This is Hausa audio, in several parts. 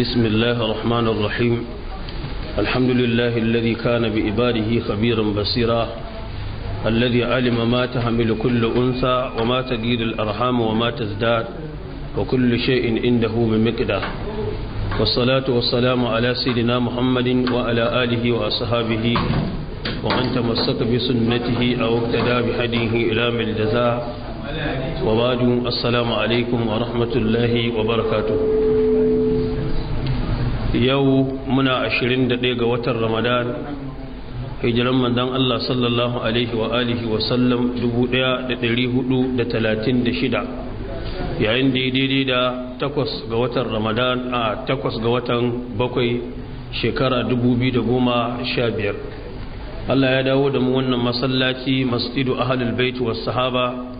بسم الله الرحمن الرحيم الحمد لله الذي كان بإباده خبيرا بصيرا الذي علم ما تحمل كل أنثى وما تجيد الأرحام وما تزداد وكل شيء عنده بمقدار والصلاة والسلام على سيدنا محمد وعلى آله وأصحابه ومن تمسك بسنته أو اقتدى بحديه إلى من الجزاء wabadu assalamu alaikum wa rahmatullahi wa barakatu yau muna ashirin 21 ga watan ramadan hijiran mandan allah sallallahu alaihi wa alihi wa sallam 1436 yayin daidai da 8 ga watan ramadan a 8 ga watan bakwai shekara da goma sha biyar. Allah ya dawo da mu wannan masallaci masjidu ahlul bait was sahaba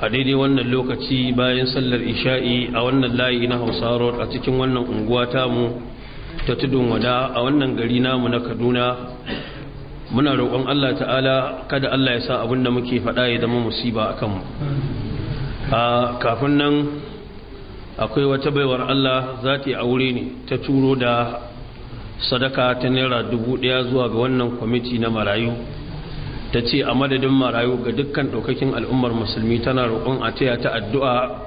a daidai wannan lokaci bayan sallar isha'i a wannan layi na hausa road a cikin wannan unguwa tamu ta tudun wada a wannan gari namu na kaduna muna roƙon allah ta'ala kada allah ya sa abin da muke faɗa ya zama musiba a kanmu a kafin nan akwai wata baiwar allah za ta yi aure ne ta turo da sadaka ta naira dubu ɗaya zuwa ga wannan kwamiti na marayu ta ce a madadin marayu ga dukkan ɗaukakin al'ummar musulmi tana roƙon a taya ta addu'a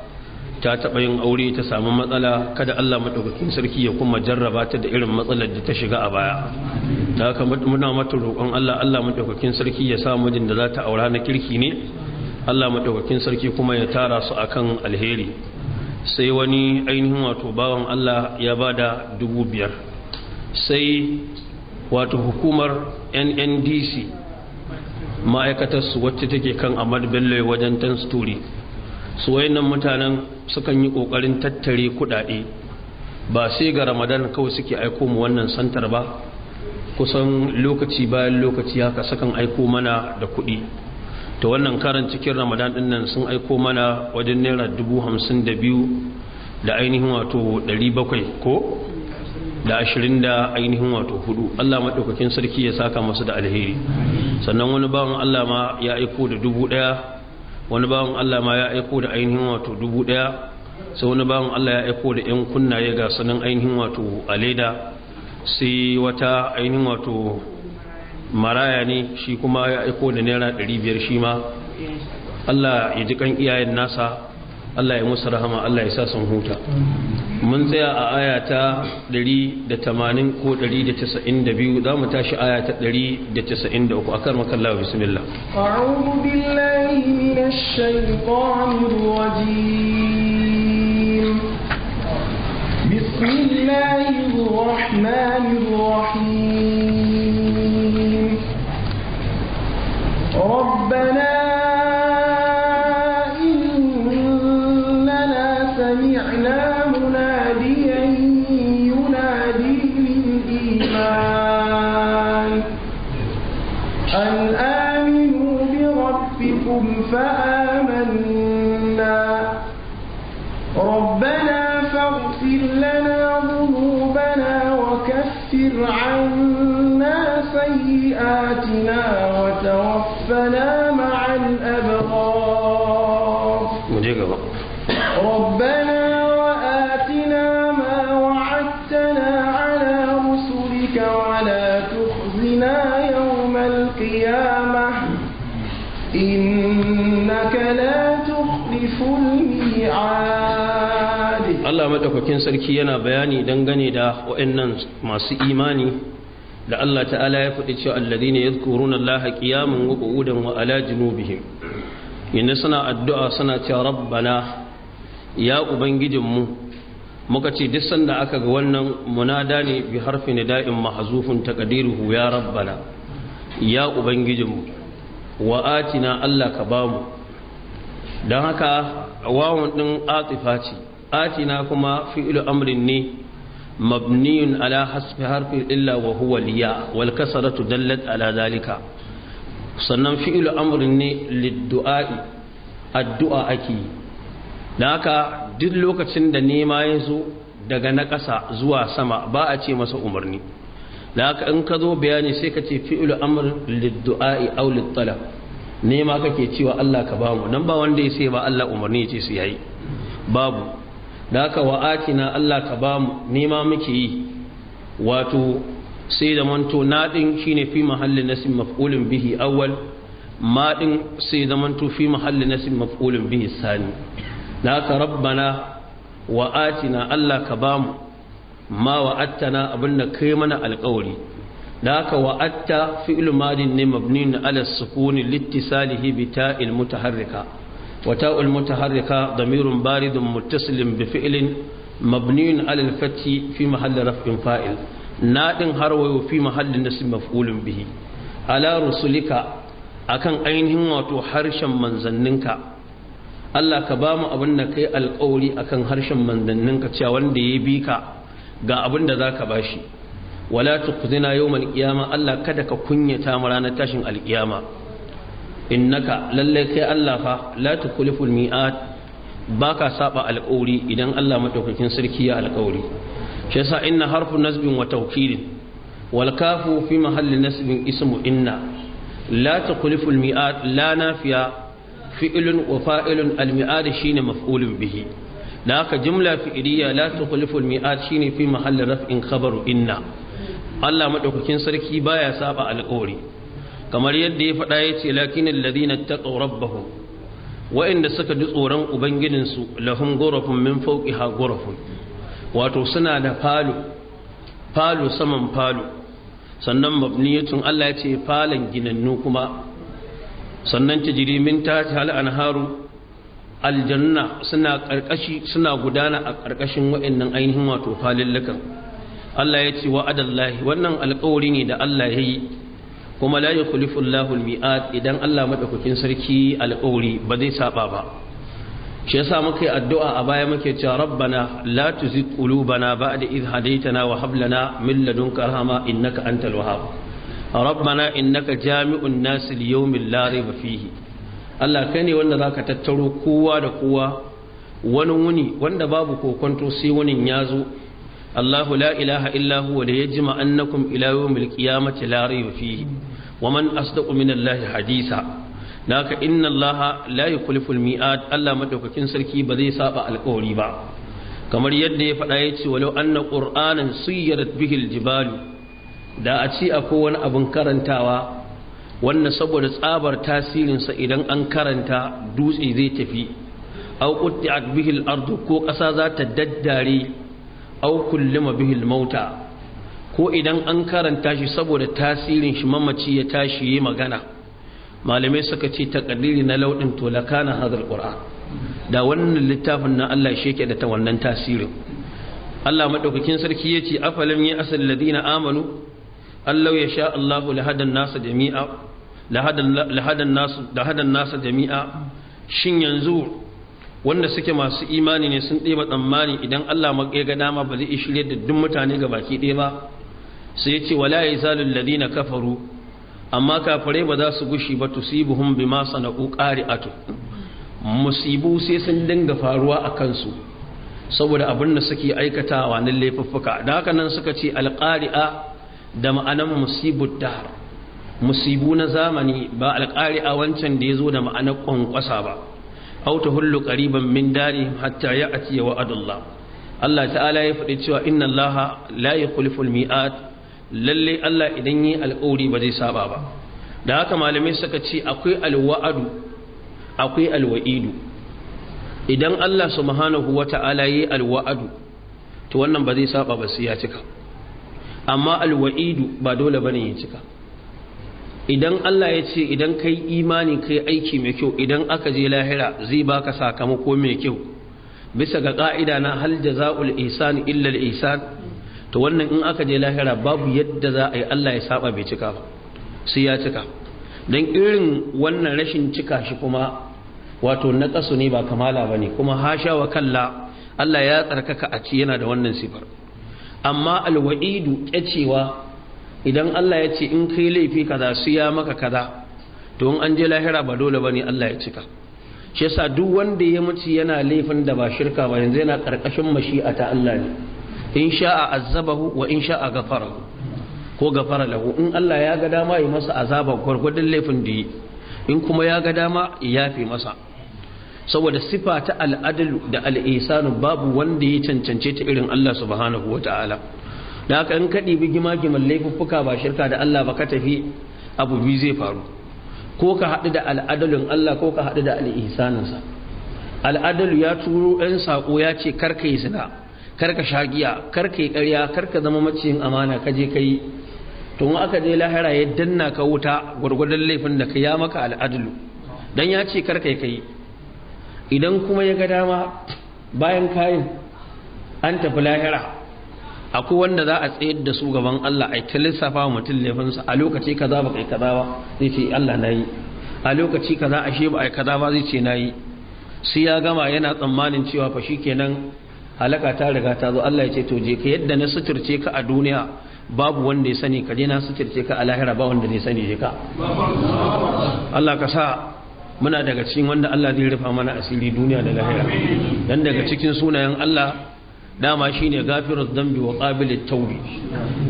ta taɓa yin aure ta sami matsala kada Allah maɗaukakin sarki ya kuma jarraba ta da irin matsalar da ta shiga a baya ta haka muna mata roƙon Allah Allah maɗaukakin sarki ya sa mijin da za ta aura na kirki ne Allah maɗaukakin sarki kuma ya tara su akan alheri sai wani ainihin wato bawan Allah ya ba da dubu biyar sai wato hukumar NNDC ma'aikatarsu wacce take kan amad bello wajen tan sturi su wayannan mutanen sukan yi kokarin tattare kudade ba sai ga ramadan kawai suke aiko mu wannan santar ba kusan lokaci bayan lokaci haka sukan aiko mana da kudi to wannan karan cikin ramadan din nan sun aiko mana wajen naira dubu hamsin da biyu da ainihin wato ɗari bakwai ko da ashirin da ainihin wato hudu Allah maɗaukakin sarki ya saka masu da alheri sannan wani bawan Allah ma ya aiko da dubu ɗaya wani bawan Allah ma ya aiko da ainihin wato dubu ɗaya sai wani bawan Allah ya aiko da ‘yan kunnaye ga sanin ainihin wato a sai wata ainihin wato maraya ne shi kuma ya aiko da naira ɗari biyar shi ma Allah ya ji kan iyayen nasa Allah ya musu rahama Allah ya sa sun huta mun tsaya a aya ta 180 ko 192 zamu tashi aya ta 193 akan makalla bismillah a'udhu billahi minash shaitanir rajim bismillahir rahmanir rahim ربنا فآمنا ربنا فاغفر لنا ذنوبنا وكفر عنا سيئاتنا وتوفنا مع الأبرار madaukakin sarki yana bayani dangane da waɗannan masu imani da Allah ta'ala ya faɗi cewa alladhina yadhkuruna Allaha qiyaman wa qu'udan wa ala junubihim yanda suna addu'a suna cewa rabbana ya ubangijinmu muka ce duk sanda aka ga wannan munada ne bi harfi dain mahazufin taqdiruhu ya rabbana ya ubangijinmu wa atina Allah ka bamu dan haka wawan ɗin atifa ce atina kuma fi'lu amrin ne mabniyun ala hasbi harfi illa wa huwa liya wal kasratu dallat ala zalika sannan fi'lu amrin ne liddu'a addu'a ake da haka duk lokacin da nema ya zo daga na ƙasa zuwa sama ba a ce masa umarni da haka in ka zo bayani sai ka ce fi'lu amrin liddu'a aw littalab nema kake cewa Allah ka bamu nan ba wanda ya sai ba Allah umarni ya ce su yayi babu da haka wa atina Allah ka ba mu nema muke yi wato sai da manto na din ne fi mahallin nasim mafulin bihi awwal ma din sai da manto fi mahallin nasim mafulin bihi sani da haka rabbana wa atina Allah ka ba mu ma abin da kai mana alƙawari da haka wa'atta fi'lu madin ne mabnin ala sukuni littisalihi bi ta'il mutaharrika وتاء المتحركة ضمير بارد متصل بفعل مبني على الفتح في محل رفع فائل ناد هروي في محل نسب مفعول به على رسلك akan ainihin wato harshen manzanninka Allah ka ba mu abin da kai alƙawari akan harshen manzanninka cewa wanda ya bi ka ga abin da zaka bashi wala tuqzina yawmal qiyama Allah kada ka kunyata mu ranar tashin alƙiyama innaka lallai kai Allah fa la tukuliful mi'at baka saba alƙawari idan Allah madaukakin sarki ya alƙawari shi yasa inna harfu nasbin wa tawkilin wal kafu fi mahalli nasbin ismu inna la tukuliful mi'at la nafiya fi'lun wa fa'ilun al mi'at shine maf'ulun bihi da haka jumla fi'iliya la tukuliful mi'at shine fi mahalli raf'in khabaru inna Allah madaukakin sarki baya saba alƙawari kamar yadda ya faɗa ya ce lakin ta taqaw rabbahum wa'inda suka ji tsoron ubangijinsu lahum ghurafun min fawqiha ghurafun wato suna da falo falo saman falo sannan mabniyatun Allah ya ce falon ginannu kuma sannan tajiri min tahti hal anharu aljanna suna karkashi suna gudana a karkashin wa'annan ainihin wato falillukan Allah ya ce wa'adallahi wannan alƙawari ne da Allah ya yi kuma la yukhlifu Allahu al idan Allah madaukakin sarki alƙawari ba zai saba ba shi yasa muke addu'a a baya muke cewa rabbana la tuzigh qulubana ba'da idh hadaytana wa hab lana min ladunka rahma innaka antal wahhab rabbana innaka jami'un nas liyawmin la rayba fihi Allah kai ne wanda zaka tattaro kowa da kowa wani wuni wanda babu kokonto sai wunin ya zo Allahu la ilaha illa huwa la yajma annakum ila yawmil qiyamati la rayba fihi ومن أصدق hadisa الله حديثا naka inna Allah la yukhlifu al-mi'ad Allah madaukakin sarki ba zai saba alƙawari ba kamar yadda ya faɗa yace walau anna qur'anan sayyarat bihi al-jibal da a ci akwai wani abin karantawa wannan saboda tsabar tasirin sa idan an karanta dutse zai tafi aw qutti'at bihi al-ard ko ƙasa za daddare aw kullima bihi al-mauta ko idan an karanta shi saboda tasirin shi mamaci ya tashi yi magana malamai suka ce takadiri na laudin to kana hadal qur'an da wannan littafin na Allah shi yake da ta wannan tasirin Allah madaukakin sarki yace afalam ya asal ladina amanu allau ya sha Allahu hadan nasu jami'a hadan nasu hadan nasa jami'a shin yanzu wanda suke masu imani ne sun ɗeba tsammani idan Allah ya ga dama ba zai shirye da duk mutane ga baki ɗaya ba sai ya ce wala yazalul ladina kafaru amma kafare ba za su gushi ba tusibuhum bima sana'u qari'atu musibu sai sun dinga faruwa a kansu saboda abin da suke aikatawa na laifuffuka da haka nan suka ce alqari'a da ma'anar musibud musibu na zamani ba a wancan da ya zo da ma'anar kwankwasa ba aw hullu qariban min dari hatta ya'ti wa'adullah Allah ta'ala ya faɗi cewa inna Allah la yukhlifu al lalle Allah idan yi alƙawari ba zai saba ba da haka malamai suka ce akwai alwa'adu akwai alwa'idu idan Allah subhanahu wata'ala yi alwa'adu to wannan ba zai saba ba sai ya cika amma alwa'idu ba dole bane ya cika idan Allah ya ce idan kai imani kai aiki mai kyau idan aka je lahira zai baka sakamako mai kyau bisa ga ka'ida na hal jaza'ul ihsan illa al ihsan to wannan in aka je lahira babu yadda za a yi Allah ya saba bai cika ba sai ya cika don irin wannan rashin cika shi kuma wato na ƙasu ne ba kamala ba ne kuma hasha wa kalla Allah ya tsarkaka a ci yana da wannan sifar amma alwa'idu cewa idan Allah ya ce in kai laifi kaza su ya maka kaza to in an je lahira ba dole ba ne Allah ya cika shi yasa duk wanda ya mutu yana laifin da ba shirka ba yanzu yana karkashin mashi'ata Allah ne in sha'a azabahu wa in sha'a gafara ko gafara lahu in Allah ya ga dama yi masa azaba gwargwadon laifin da yi in kuma ya ga dama ya masa saboda sifa ta al'adil da al'isanu babu wanda ya cancance ta irin Allah subhanahu wa ta'ala da haka in kaɗi bi gima-giman laifuffuka ba shirka da Allah ba ka tafi abu biyu zai faru ko ka haɗu da al'adalin Allah ko ka haɗu da al'isaninsa al'adalu ya turo 'yan saƙo ya ce karka yi zina karka ka sha giya kar ka yi karya kar ka zama maciyin amana ka je ka yi to mu aka je lahira ya danna ka wuta gwargwadon laifin da ka ya maka al'adulu dan ya ce kar yi ka idan kuma ya ga dama bayan kayan an tafi lahira akwai wanda za a tsayar da su gaban Allah ai ta lissafa mutum laifinsa a lokaci kaza ba kai kaza ba zai ce Allah na yi a lokaci kaza ashe ba ai kaza ba zai ce na yi sai ya gama yana tsammanin cewa fa shikenan halaka ta riga ta zo Allah ya ce to je ka yadda na suturce ka a duniya babu wanda ya sani ka je na suturce ka a lahira ba wanda ne sani je ka Allah ka sa muna daga cikin wanda Allah zai rufa mana asiri duniya da lahira dan daga cikin sunayen Allah dama shine gafirus dambi wa qabilut tawbi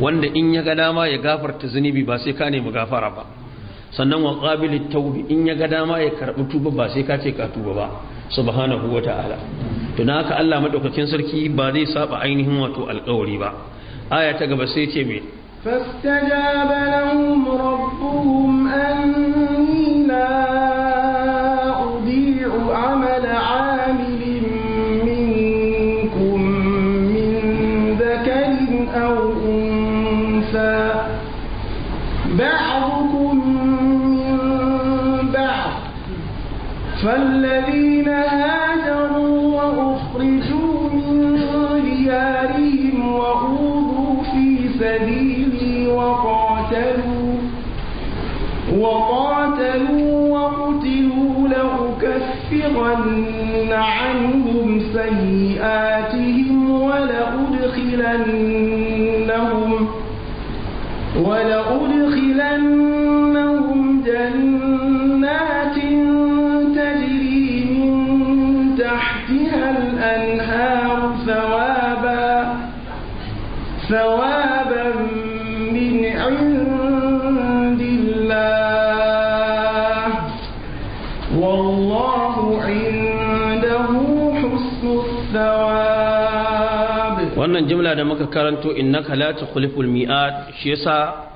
wanda in ya ga dama ya gafarta zunubi ba sai ka nemi gafara ba sannan wa qabilut tawbi in ya ga dama ya karbi tuba ba sai ka ce ka tuba ba subhanahu wataala to na haka Allah madaukakin sarki ba zai saba ainihin wato alƙawari ba aya ta gaba sai ce me fastajaba lahum rabbuhum أني لا أضيع عمل عامل منكم من ذكر أو أنثى بعضكم من بعض فالذي قاتلوا وقتلوا لأكفرن عنهم سيئاتهم ولأدخلنهم ولأدخلنهم wannan jimla da muka karanto innaka la tukhliful mi'at shi yasa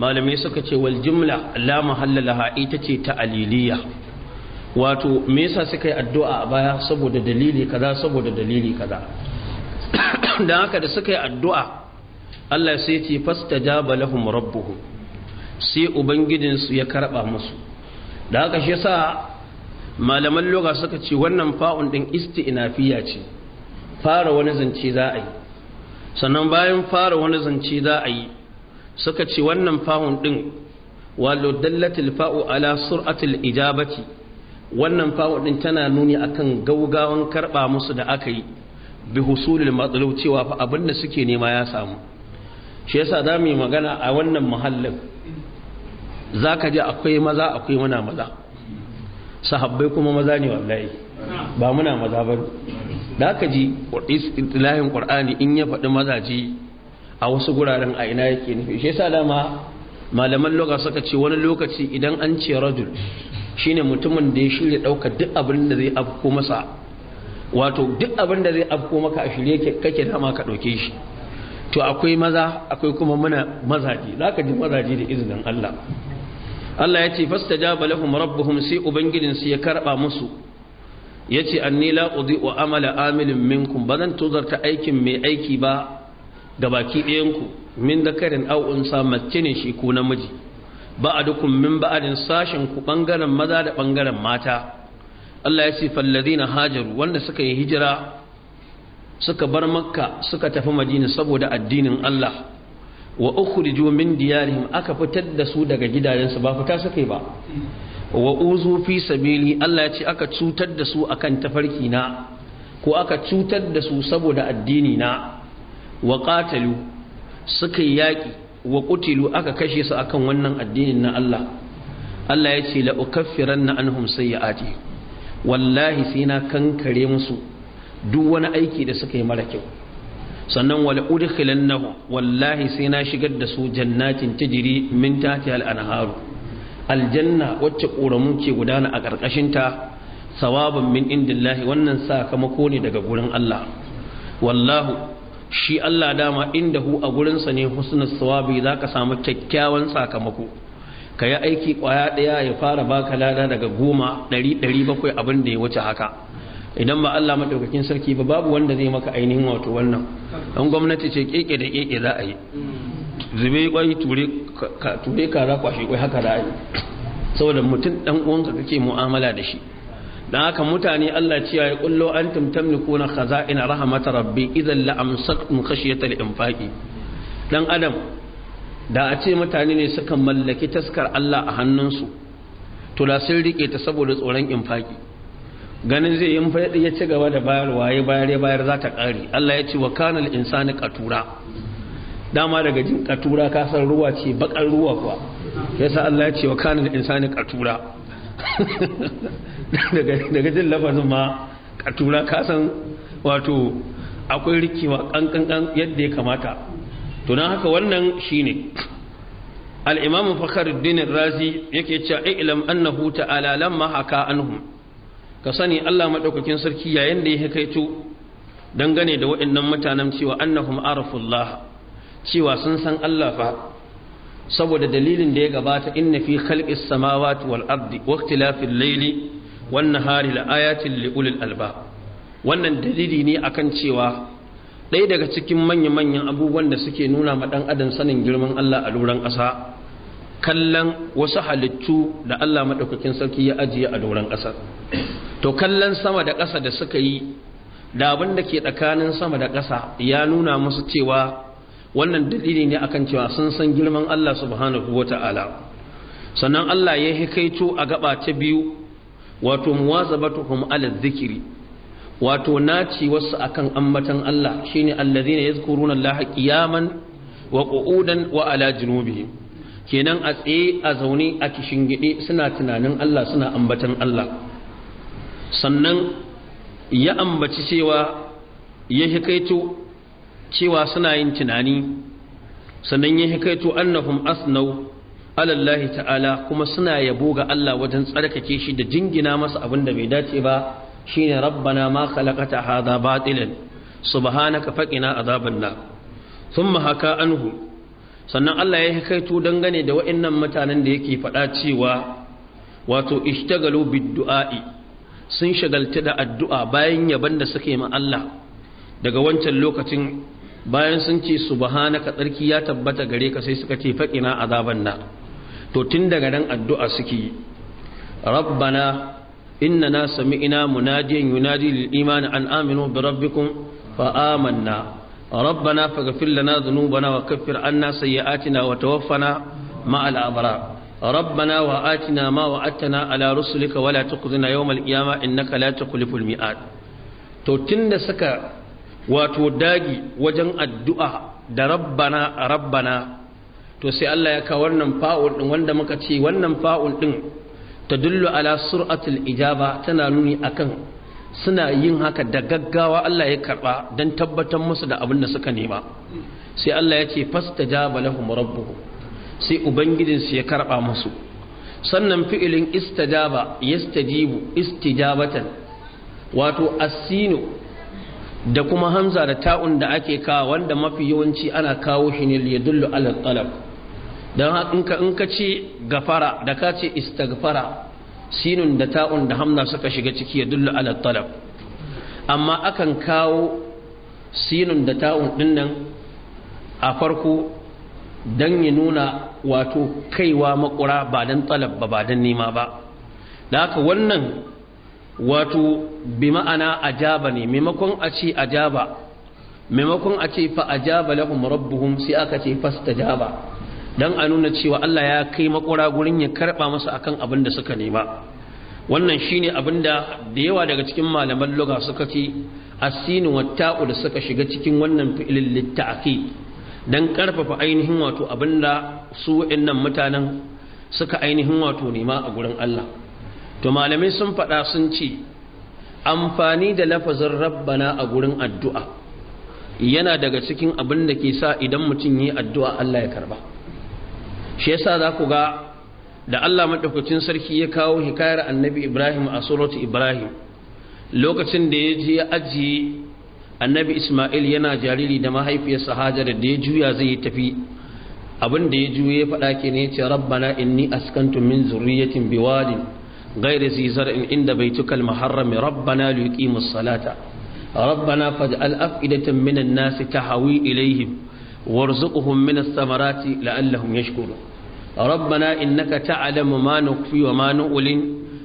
malamai suka ce wal jimla la laha ita ce ta aliliya wato me yasa suka yi addu'a a baya saboda dalili kaza saboda dalili kaza dan haka da suka yi addu'a Allah sai ce fastajaba lahum rabbuhum sai ubangijinsu ya karba musu da haka shi yasa malaman lugha suka ce wannan fa'un din isti'nafiya ce fara wani zance za a yi sannan bayan fara wani zance za a yi suka ce wannan fa'un ɗin walo dallatil fa'u ala sur'atil ijabati wannan fa'un ɗin tana nuni akan gaugawan karɓa musu da aka yi bi husulil matsalau cewa fa abin da suke nema ya samu shi yasa za mu yi magana a wannan muhallin za ka ji akwai maza akwai muna maza sahabbai kuma maza ne wallahi ba muna maza ba da aka ji istilahin qur'ani in ya faɗi mazaji a wasu guraren a ina yake nufi shi yasa dama malaman loga suka ce wani lokaci idan an ce rajul shine mutumin da ya shirya ɗauka duk abin da zai afko masa wato duk abin da zai afko maka a shirye kake dama ka ɗauke shi to akwai maza akwai kuma muna mazaji za ka ji mazaji da izinin Allah Allah ya ce fasta ja balahum rabbuhum sai ubangijinsu ya karɓa musu ya ce anni la wa amala amilin minkum ba zan tozarta aikin mai aiki ba da baki ɗayanku min da karin au'unsa mace ne shi ko namiji ba a dukun min ba'adin sashen ku ɓangaren maza da ɓangaren mata Allah ya ce na hajaru wanda suka yi hijira suka bar makka suka tafi madina saboda addinin Allah wa ukhriju min diyarihim aka fitar da su daga gidajensu ba fita suka yi ba wa uzu fi sabili Allah ya ce aka cutar da su akan tafarki na ko aka cutar da su saboda addini na wa qatalu suka yaƙi wa qutilu aka kashe su akan wannan addinin na Allah Allah ya ce la ukaffiranna anhum sayyi'ati wallahi sai na kankare musu duk wani aiki da suka yi mara kyau sannan wala udkhilannahum wallahi sai na shigar da su jannatin tajri min tahtiha al-anharu aljanna wacce ƙoramu ke gudana a ƙarƙashin ta sawabun min indillahi wannan sakamako ne daga gurin Allah wallahu shi Allah dama hu a gurinsa ne husnul sawabi zaka samu kyakkyawan sakamako ka yi aiki kwaya ɗaya ya fara baka lada daga goma ɗari ɗari bakwai abin da ya wuce haka idan ba Allah madaukakin sarki ba babu wanda zai maka ainihin wato wannan dan gwamnati ce keke da keke za a yi zube kwai ture ka ture kaza kwashi kwai haka da yi saboda mutum dan uwanka kake mu'amala da shi dan haka mutane Allah ce ya kullu antum tamlikuna khaza'ina rahmat rabbi idan la amsaktum khashyata al-infaqi dan adam da a ce mutane ne suka mallaki taskar Allah a hannunsu to da sun rike ta saboda tsoron infaki ganin zai yin faɗi ya ci gaba da bayarwa ya bayar ya bayar za ta ƙare Allah ya ce wa kanal insani katura dama daga jin katura ka san ruwa ce bakar ruwa kuwa yasa Allah ya ce wa kanal insani katura daga jin lafazin ma katura ka san wato akwai rikewa ƙanƙanƙan yadda ya kamata to haka wannan shine al-imam Dinin razi yake cewa ilam annahu ta'ala lamma haka anhum ka sani Allah maɗaukakin sarki yayin da ya kaito dangane da waɗannan mutanen cewa annahum arafullah cewa sun san Allah fa saboda dalilin da ya gabata inna fi khalqis samawati wal ardi wa ikhtilafil layli wan nahari la ayatin li ulil wannan dalili ne akan cewa ɗaya daga cikin manya-manyan abubuwan da suke nuna ma ɗan adam sanin girman Allah a doron ƙasa kallon wasu halittu da Allah maɗaukakin sarki ya ajiye a doron kasa." to kallon sama da ƙasa da suka yi da abin da ke tsakanin sama da ƙasa ya nuna musu cewa wannan dalili ne akan cewa sun san girman Allah subhanahu wa ta'ala sannan Allah ya hikaito a gaba ta biyu wato muwazabatuhum ala dhikri wato naci wasu akan ammatan Allah shine alladhina yadhkuruna Allah qiyaman wa qu'udan wa ala junubihim kenan a tsaye a zaune a kishin kishingide suna tunanin Allah suna ambatan Allah sannan ya ambaci cewa ya hikaito cewa suna yin tunani sannan ya hikaito annahum asnau alallahi ta'ala kuma suna yabo ga Allah wajen tsarkake shi da jingina masa abin da bai dace ba shine rabbana ma khalaqata hadha batilan subhanaka faqina azaban nar thumma haka anhu sannan Allah ya hikaito dangane da wa'annan mutanen da yake faɗa cewa wato ishtagalu bid du'a'i sun shagalta da addu’a bayan yaban da suke Allah daga wancan lokacin bayan sun ce su bahana tsarki ya tabbata gare ka sai suka ce faƙina a zaben na to tun daga nan addu’a suke yi rabbana inna na sami ina munajiyan yunaji imani an aminu bi rabbikun fa amanna rabbana faga na zunubana wa kafir an na sayyatina wa tawaffana ma al'abara ربنا وآتنا ما وعدتنا على رسلك ولا تخزنا يوم القيامة إنك لا تخلف الميعاد to tunda suka wato dagi wajen addu'a da rabbana rabbana to sai Allah ya kawo wannan fa'ul din wanda muka ce wannan fa'ul din tadullu ala sur'atul ijaba tana nuni akan suna yin haka da gaggawa Allah ya karba don tabbatar musu da abin da suka nema sai Allah ya ce fastajaba lahum rabbuhum sai ubangijinsu ya karɓa musu sannan fi'ilin istajaba yastajibu istijabatan wato asinu da kuma hamza da ta'un da ake kawo wanda mafi yawanci ana kawo shi ne ya dullu ala talab don haka in ka ce gafara da ka ce istagfara sinun da ta'un da hamza suka shiga ciki ya dullu ala talab amma akan kawo sinun da ta'un din a farko don ya nuna wato kaiwa makura ba don talab ba ba don nema ba da haka wannan wato bi ma'ana ajaba ne maimakon a ce ajaba maimakon a ce fa ajaba lahum rabbuhum sai aka ce fastajaba dan a nuna cewa Allah ya kai makura gurin ya karba masa akan abin da suka nema wannan shine abin da da yawa daga cikin malaman lugha suka ce asinu watta'u da suka shiga cikin wannan fi'ilin litta'qi don ƙarfafa ainihin wato abin da su waɗannan mutanen suka ainihin wato nema a gurin Allah to malamai sun faɗa sun ce amfani da lafazin rabbana a gurin addu'a yana daga cikin abin da ke sa idan mutum yi addu'a Allah ya karba shi yasa za ku ga da Allah maɗaukacin sarki ya kawo hikayar annabi Ibrahim a suratu Ibrahim lokacin da ya je ya ajiye النبي إسماعيل ينا جاريلي da mahaifiyarsa hajara da ya juya zai yi tafi abin da ya يا ربنا إني أسكنت من ذرية بواد غير ذي زرع عند بيتك المحرم ربنا ليقيموا الصلاة ربنا فاجعل أفئدة من الناس تهوي إليهم وارزقهم من الثمرات لعلهم يشكرون ربنا إنك تعلم ما نخفي وما نؤلن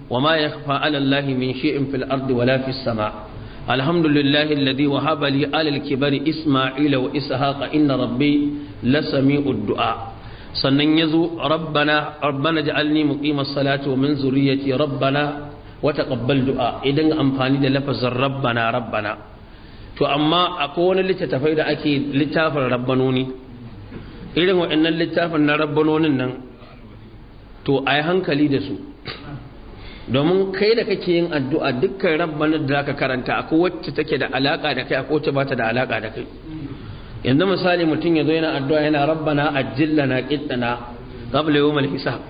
وما يخفى على الله من شيء في الأرض ولا في السماء الحمد لله الذي وهب لي على الكبر إسماعيل وإسحاق rabi ربي لسميع الدعاء sannan ya zo rabbana rabbana ja'alni muqimas salati wa min zurriyyati rabbana wa taqabbal du'a idan amfani da lafazin rabbana rabbana to amma akwai wani littattafai da ake littafin rabbanoni irin waɗannan littafin na rabbanonin nan to ai hankali da su domin kai da kake yin addu'a dukkan rabbanin da zaka karanta akwai wacce take da alaka da kai akwai wacce ba ta da alaka da kai yanzu misali mutum ya zo yana addu'a yana rabbana ajillana qittana qabla yawm al-hisab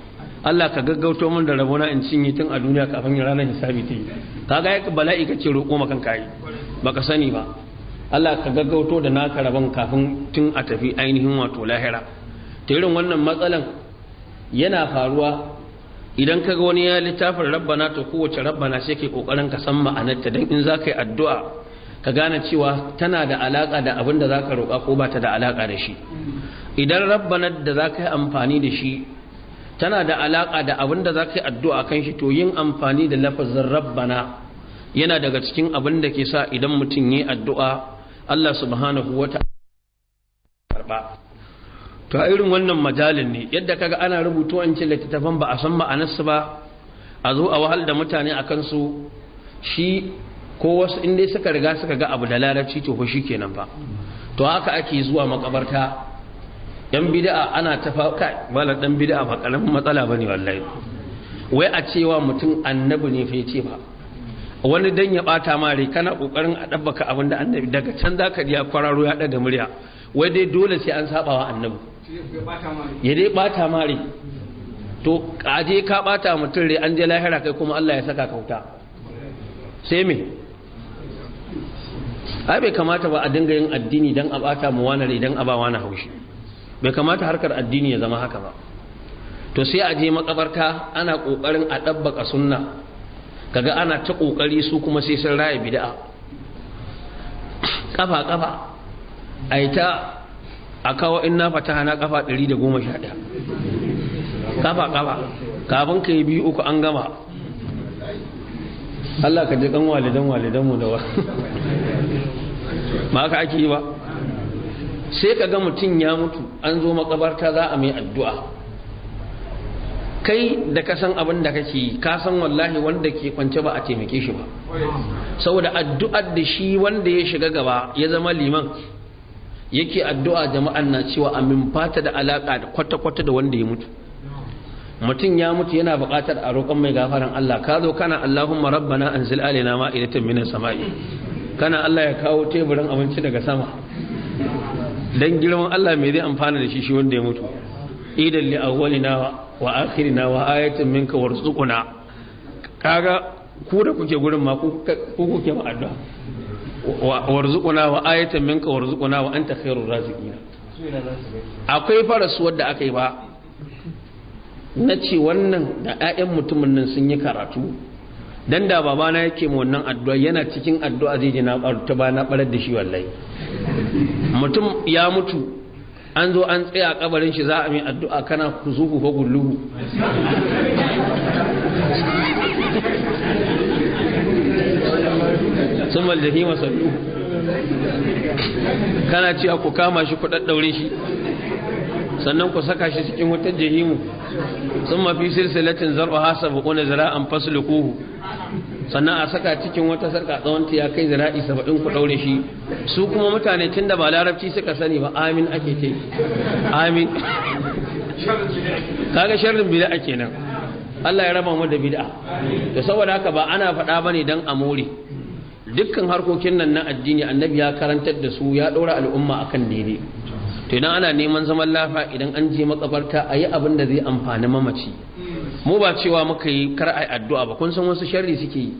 Allah ka gaggauto mun da rabona in cinye tun a duniya kafin ranar hisabi ta yi kaga ya bala'i kace roƙo makan kai baka sani ba Allah ka gaggauto da naka rabon kafin tun a tafi ainihin wato lahira ta irin wannan matsalan yana faruwa idan kaga wani ya littafin rabbana to kowace rabbana sai ke kokarin ka san ma'anarta dan in za ka yi addu'a ka gane cewa tana da alaka da abin da za ka roƙa ko ba ta da alaka da shi idan rabbana da za ka yi amfani da shi tana da alaka da abin da za ka yi addu'a kan shi to yin amfani da lafazin rabbana yana daga cikin abin da ke sa idan mutum yi addu'a Allah subhanahu wa ta'ala to a irin wannan majalin ne yadda kaga ana rubutu an ce littattafan ba a san ma'anarsu ba a zo a wahal da mutane a kansu shi ko wasu inda suka riga suka ga abu da larabci to shi kenan ba to haka ake zuwa makabarta yan bid'a ana ta fauka wala dan bid'a ba karamin matsala bane wallahi wai a cewa mutum annabi ne fa yace ba wani dan ya bata ma rai kana kokarin a dabbaka abin da annabi daga can zaka ya kwararo ya daga murya wai dai dole sai an saba wa annabi ya dai bata mare to je ka bata mutum rai an je lahira kai kuma Allah ya saka kauta sai me ai bai kamata ba a dinga yin addini dan a bata mu wani idan a ba wani haushi bai kamata harkar addini ya zama haka ba to sai a je makabarta ana kokarin a dabbaka sunna kaga ana ta kokari su kuma sai sun raya bid'a kafa kafa a ta a kawo in na fata na kafa 111 kafa kafa kafin ka yi biyu uku an gama Allah ka ji kan walidan walidanmu da wa ma ka ake yi ba sai ka ga mutum ya mutu an zo makabarta za a mai addu'a kai da ka san abin da kake yi ka san wallahi wanda ke kwance ba a taimake shi ba saboda addu'ar da shi wanda ya shiga gaba ya zama liman yake addu'a jama'an na cewa amin fata fata da alaƙa da kwata-kwata da wanda ya mutu mutum ya mutu yana buƙatar a roƙon mai gafaran Allah ka zo kana Allahumma rabbana anzil alaina ma'idatan minas sama'i kana Allah ya kawo teburin abinci daga sama dan girman Allah me zai amfana da shi shi wanda ya mutu idan li awwalina wa akhirina wa ayatan minka warzuquna kaga ku da kuke gurin ma ku kuke ma addu'a warzuquna wa ayatan minka warzuquna wa anta khairur raziqin akwai faras wanda aka yi ba nace wannan da 'ya'yan mutumin nan sun yi karatu dan da babana yake mu wannan addu'a yana cikin addu'a zai ji na ta ba na barar da shi wallahi mutum ya mutu an zo an tsaya a kabarin shi za a mai addu'a kana kuzuhu ko gulluhu sun maljahi masallu kana ce ku kama shi ku ɗaɗɗaure shi sannan ku saka shi cikin wutar jahimu sun mafi silsilatin zarba hasa zira'an fasulukuhu sannan a saka cikin wata sarka tsawon ta ya kai zira'i saba'in ku ɗaure shi su kuma mutane tun da ba larabci suka sani ba amin ake ce amin kaga sharrin bida'a kenan Allah ya raba mu da bid'a to saboda haka ba ana faɗa bane dan amore dukkan harkokin nan na addini annabi ya karantar da su ya ɗora al'umma akan daidai to idan ana neman zaman lafa idan an je makabarta ayi yi abin da zai amfani mamaci mu ba cewa muka yi kar ai addu'a ba kun san wasu sharri suke yi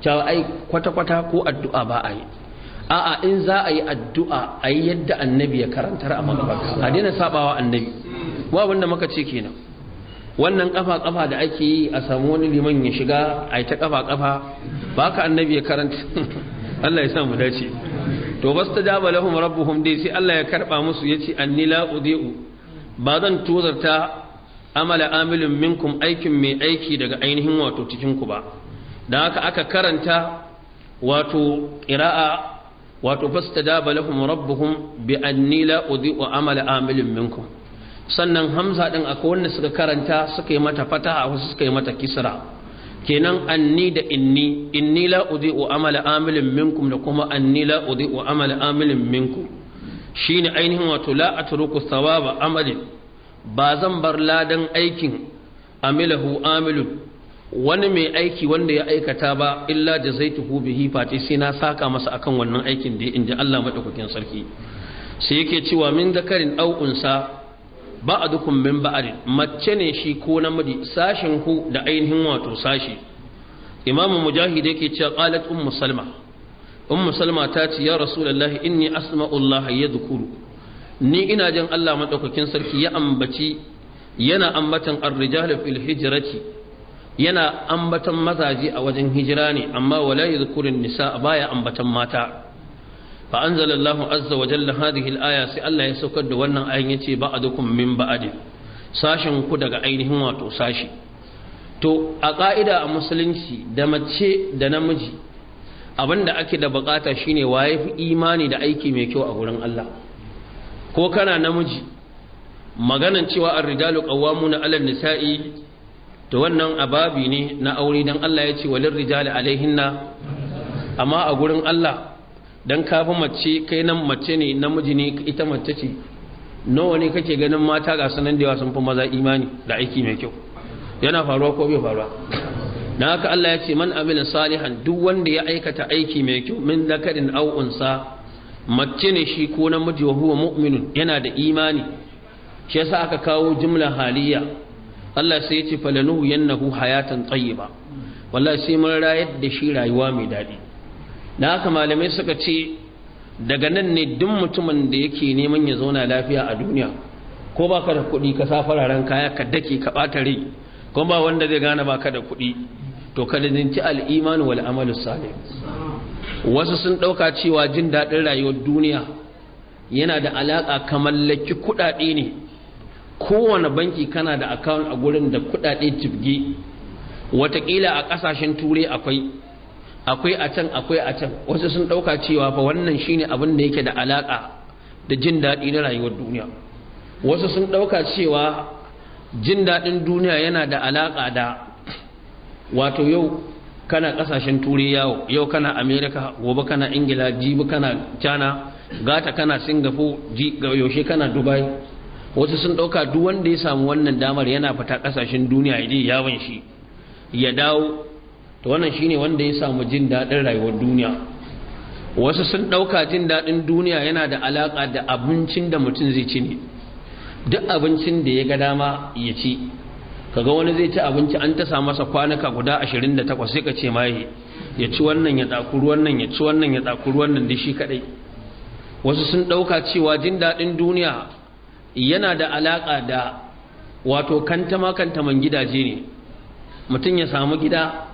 cewa ai kwata-kwata ko addu'a ba a yi a'a in za a yi addu'a ayi yadda annabi ya karantar a makabarta a daina sabawa annabi wa abin muka ce kenan wannan kafa kafa da ake yi a samu wani liman ya shiga a ta kafa kafa ba ka annabi ya karanta Allah ya sa mu dace to ta bastajaba lahum rabbuhum dai sai Allah ya karba musu ya yace anni la udiu ba zan tozarta amala amilin minkum aikin mai aiki daga ainihin wato cikin ku ba Da haka aka karanta wato qira'a wato bastajaba lahum rabbuhum bi anni la udiu amala amilin minkum sannan hamza ɗin a kowanne suka karanta suka yi mata fataha wasu suka yi mata kisra kenan anni da inni inni la udhi'u amala amilin minkum da kuma anni la udhi'u amala amilin minkum shine ainihin wato la atruku thawaba amalin ba zan bar ladan aikin amilahu amilun wani mai aiki wanda ya aikata ba illa da zai tuhu bihi fati sai na saka masa akan wannan aikin da inji Allah madaukakin sarki sai yake cewa min zakarin au unsa Ba dukun min ba'd mace ne shi ko namiji sashin ku da ainihin wato sashi imamu mujahid yake cewa qalat ummu salma ummu salma ta ce ya rasulullahi inni asma'u allah yadhkuru ni ina jin Allah madaukakin sarki ya ambaci yana ambatan ar-rijal fil hijrati yana ambatan mazaji a wajen hijira ne amma wala yadhkurun nisa baya ambatan mata fa anzalallahu azza wa jalla hadhihi al-aya sai Allah ya saukar da wannan ayin yace ba'adukum min ba'adin sashin ku daga ainihin wato sashi to a ka'ida a musulunci da mace da namiji abinda ake da bukata shine waye fi imani da aiki mai kyau a gurin Allah ko kana namiji maganan cewa ar-rijalu qawwamuna 'ala an-nisa'i to wannan ababi ne na aure dan Allah ya ce walin rijali alaihinna amma a gurin Allah dan ka mace kai nan mace ne namiji ne ita mace ce nawa ne kake ganin mata ga sanan da yawa sun fi maza imani da aiki mai kyau yana faruwa ko bai faruwa na haka Allah ya ce man amil salihan duk wanda ya aikata aiki mai kyau min zakarin aw unsa mace ne shi ko namiji wa huwa mu'minun yana da imani shi yasa aka kawo jumla haliya Allah sai ya ce falanuhu yannahu hayatan tayyiba wallahi sai mun rayar da shi rayuwa mai daɗi na haka malamai suka ce daga nan ne duk mutumin da yake neman ya zauna lafiya a duniya ko ba ka da kuɗi ka fararen kaya ka dake ka ɓata rai kuma ba wanda zai gane ba ka da kuɗi to ka dinci al'imanu wal amalu Salim. wasu sun ɗauka cewa jin daɗin rayuwar duniya yana da alaƙa ka mallaki kuɗaɗe ne kowane banki kana da akawun a gurin da kuɗaɗe jibge Wataƙila a ƙasashen turai akwai akwai a can akwai a can wasu sun ɗauka cewa fa wannan shine abin da yake da alaƙa da jin daɗi na rayuwar duniya wasu sun ɗauka cewa jin daɗin duniya yana da alaƙa da wato yau kana ƙasashen turai yawo yau kana amerika gobe kana ingila jibi kana china gata kana singapore yaushe kana dubai wasu sun ɗauka duk wanda ya samu wannan damar yana fita ƙasashen duniya ya je yawon shi ya dawo to wannan shine wanda ya samu jin daɗin rayuwar duniya wasu sun ɗauka jin daɗin duniya yana da alaƙa da abincin da mutum zai ci ne duk abincin da ya ga dama ya ci kaga wani zai ci abinci an ta tasa masa kwanuka guda 28 sai ka ce mai ya ci wannan ya tsakuru wannan ya ci wannan ya tsakuru wannan da shi kadai wasu sun ɗauka cewa jin daɗin duniya yana da alaƙa da wato kanta ma kanta man gidaje ne mutum ya samu gida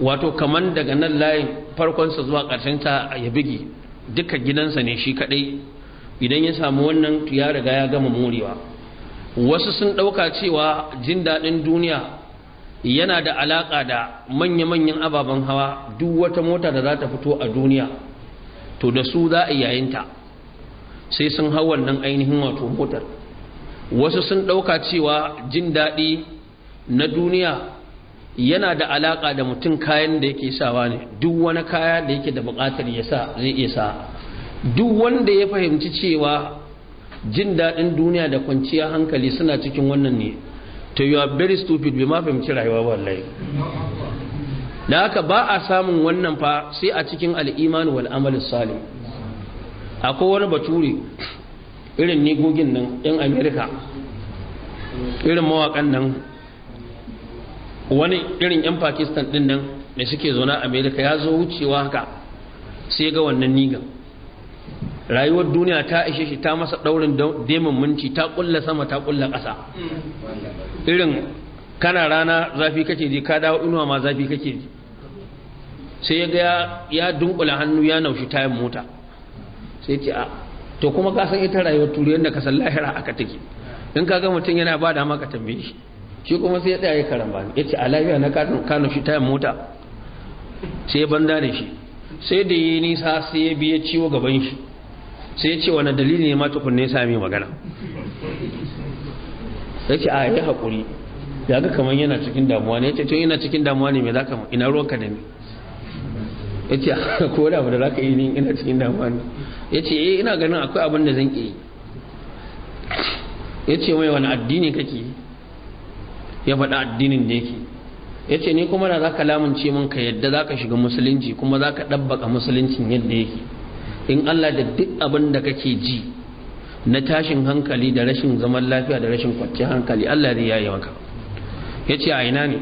wato kaman daga nan layin farkonsa zuwa ta ya bigi duka gidansa ne shi kaɗai idan ya samu wannan ya riga ya gama morewa wasu sun ɗauka cewa jin daɗin duniya yana da alaƙa da manya-manyan ababen hawa duk wata mota da za ta fito a duniya to da su za a yayinta sai sun hau wannan ainihin wato motar wasu sun ɗauka cewa jin daɗi na duniya yana da alaƙa da mutum kayan da yake sawa ne duk wani kaya da yake da buƙatar ya sa zai iya sa duk wanda ya fahimci cewa jin daɗin duniya da kwanciya hankali suna cikin wannan ne to you are very stupid bai ma fahimci rayuwa wallahi da haka ba a samun wannan fa sai a cikin al'imani wal amalin salim akwai wani bature irin nigogin nan yan amerika irin mawaƙan nan wani irin yan pakistan din nan da suke zaune a Amerika ya zo wucewa haka sai ga wannan nigan rayuwar duniya ta ishe shi ta masa daurin demin munci ta kulla sama ta kulla ƙasa irin kana rana zafi kake ji ka dawo inuwa ma zafi kake ji sai ga ya dunkula hannu ya naushi tayan mota sai ce a to kuma ka san ita rayuwar turi yadda ka san lahira aka take in ka ga mutum yana ba da maka tambaye shi shi kuma sai ya tsaye ya karamba ya ce a lafiya na kano shi tayan mota sai ya banda da shi sai da yi nisa sai ya biya ciwo gaban shi sai ya ce wani dalili ne matukun tukunne ya sami magana ya ce a yi haƙuri ya ga kamar yana cikin damuwa ne ya ce tun yana cikin damuwa ne mai za ka ina ruwanka da ni ya ce ko da ba da za ka yi ni ina cikin damuwa ne ya ce eh, ina ganin akwai abin da zan ƙi ya ce mai wani addini kake yi ya faɗa addinin da yake ya ce ni kuma da za ka lamunce min ka yadda za ka shiga musulunci kuma za ka ɗabbaka musuluncin yadda yake in allah da duk abin da kake ji na tashin hankali da rashin zaman lafiya da rashin kwanciyar hankali allah zai yaye maka ya ce a ina ne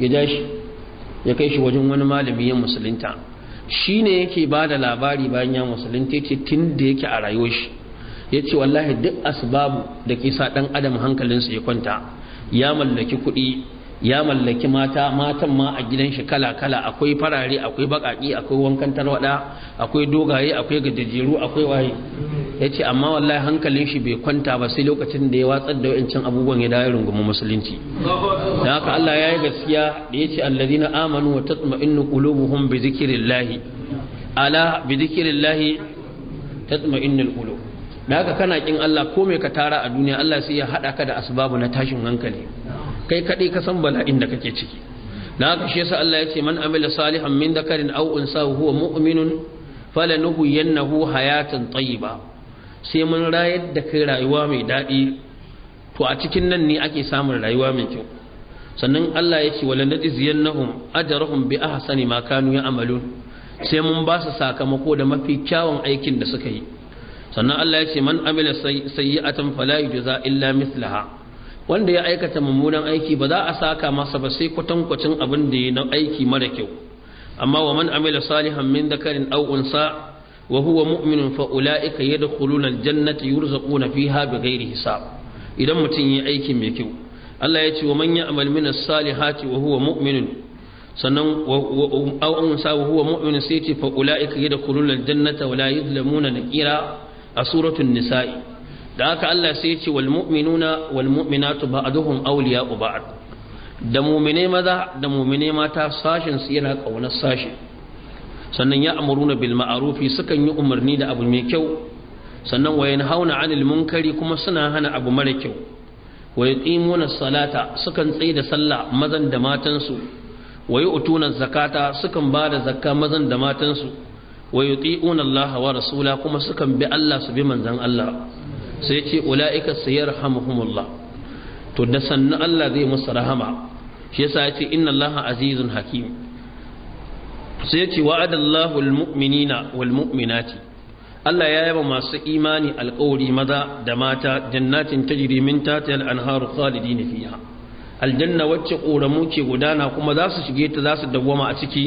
ya ja shi ya kai shi wajen wani malami ya musulunta shi ne yake ba da labari bayan ya musulunta ce tun da yake a rayuwar shi ya ce wallahi duk asbabu da ke sa ɗan adam hankalinsa ya kwanta ya mallaki kuɗi ya mallaki mata matan ma a gidan shi kala kala akwai farare akwai bakaki akwai wankan tarwada akwai dogaye akwai gajejeru akwai waye yace amma wallahi hankalin shi bai kwanta ba sai lokacin da ya watsar da wayancin abubuwan ya dawo rungumin musulunci dan haka Allah ya yi gaskiya da yace alladhina amanu wa tatma'innu qulubuhum bi zikrillah ala bi zikrillah tatma'innul qulub da haka kana kin Allah ko mai ka tara a duniya Allah sai ya hada ka da asbabu na tashin hankali kai kadai ka san bala'in da kake ciki da haka shi yasa Allah ya ce man amila salihan min dakarin aw unsa huwa mu'minun falanuhyiyannahu hayatan tayyiba sai mun rayar da kai rayuwa mai daɗi to a cikin nan ne ake samun rayuwa mai kyau sannan Allah ya ce najziyannahum ajrahum bi ahsani ma kanu ya'malun sai mun ba su sakamako da mafi kyawun aikin da suka yi sannan Allah ya ce man amila sayyi'atan fala yujza illa mithlaha wanda ya aikata mummunan aiki ba za a saka masa ba sai kwatankwacin abin da ya na aiki mara kyau amma wa man amila salihan min dakarin aw unsa wa huwa mu'min fa ulaika yadkhuluna aljannata yurzaquna fiha bighairi hisab idan mutum yi aiki mai kyau Allah ya ce wa man ya'mal min as-salihati wa huwa mu'min sannan aw unsa wa huwa mu'min sai ce fa ulaika yadkhuluna aljannata wa la yuzlamuna naqira a suratun nisa'i da haka Allah sai ya ce wal mu'minuna wal mu'minatu ba'duhum awliya'u ba'd da mu'mine maza da mu'mine mata sashin su yana kaunar sashi sannan ya amuruna bil ma'arufi sukan yi umarni da abu mai kyau sannan wayan hauna anil munkari kuma suna hana abu mara kyau wayan imuna salata sukan tsaye da sallah mazan da matansu waye utuna zakata sukan ba da zakka mazan da matansu wa yuti'una Allah wa rasula kuma sukan bi Allah su bi manzan Allah sai ce ulaika sayarhamuhumullah to da sannan Allah zai musu rahama shi yasa ya ce inna Allah azizun hakim sai ce wa'adallahu almu'minina walmu'minati Allah ya wa masu imani alƙawari maza da mata jannatin tajri min tatiyal anharu khalidina fiha aljanna wacce ƙoramu ke gudana kuma za su shige ta za su dawwama a ciki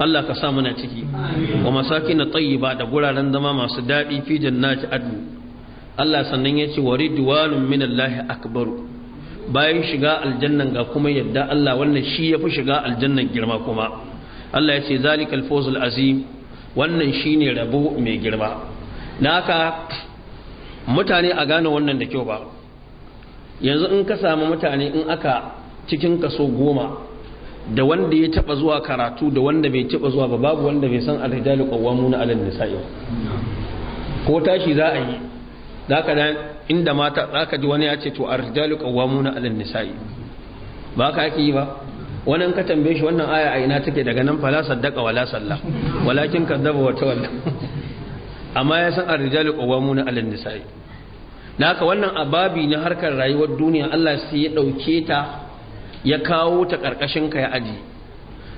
Allah ka sa na ciki wa masaki tsayi ba da guraren zama masu daɗi fi jannati adu Allah sannan ya ce wa lahi minallahi akbaru bayan shiga aljannan ga kuma yadda Allah wannan shi ya fi shiga aljannan girma kuma Allah ya ce zalikal fawzul azim wannan shine rabo mai girma na ka mutane a gane wannan da kyau ba yanzu in ka samu mutane in aka cikin kaso goma da wanda ya taba zuwa karatu da wanda bai taba zuwa ba babu wanda bai san alhijalu qawwamuna ala nisa'i ko tashi za a yi zaka dan inda mata zaka ji wani ya ce to alhijalu qawwamuna ala nisa'i ba ka yake yi ba wannan ka tambaye shi wannan aya a ina take daga nan fala saddaka wala salla walakin kadzaba wa tawalla amma ya san alhijalu qawwamuna ala nisa'i naka wannan ababi na harkar rayuwar duniya Allah sai ya dauke ta ya kawo ta ƙarƙashin ka ya aji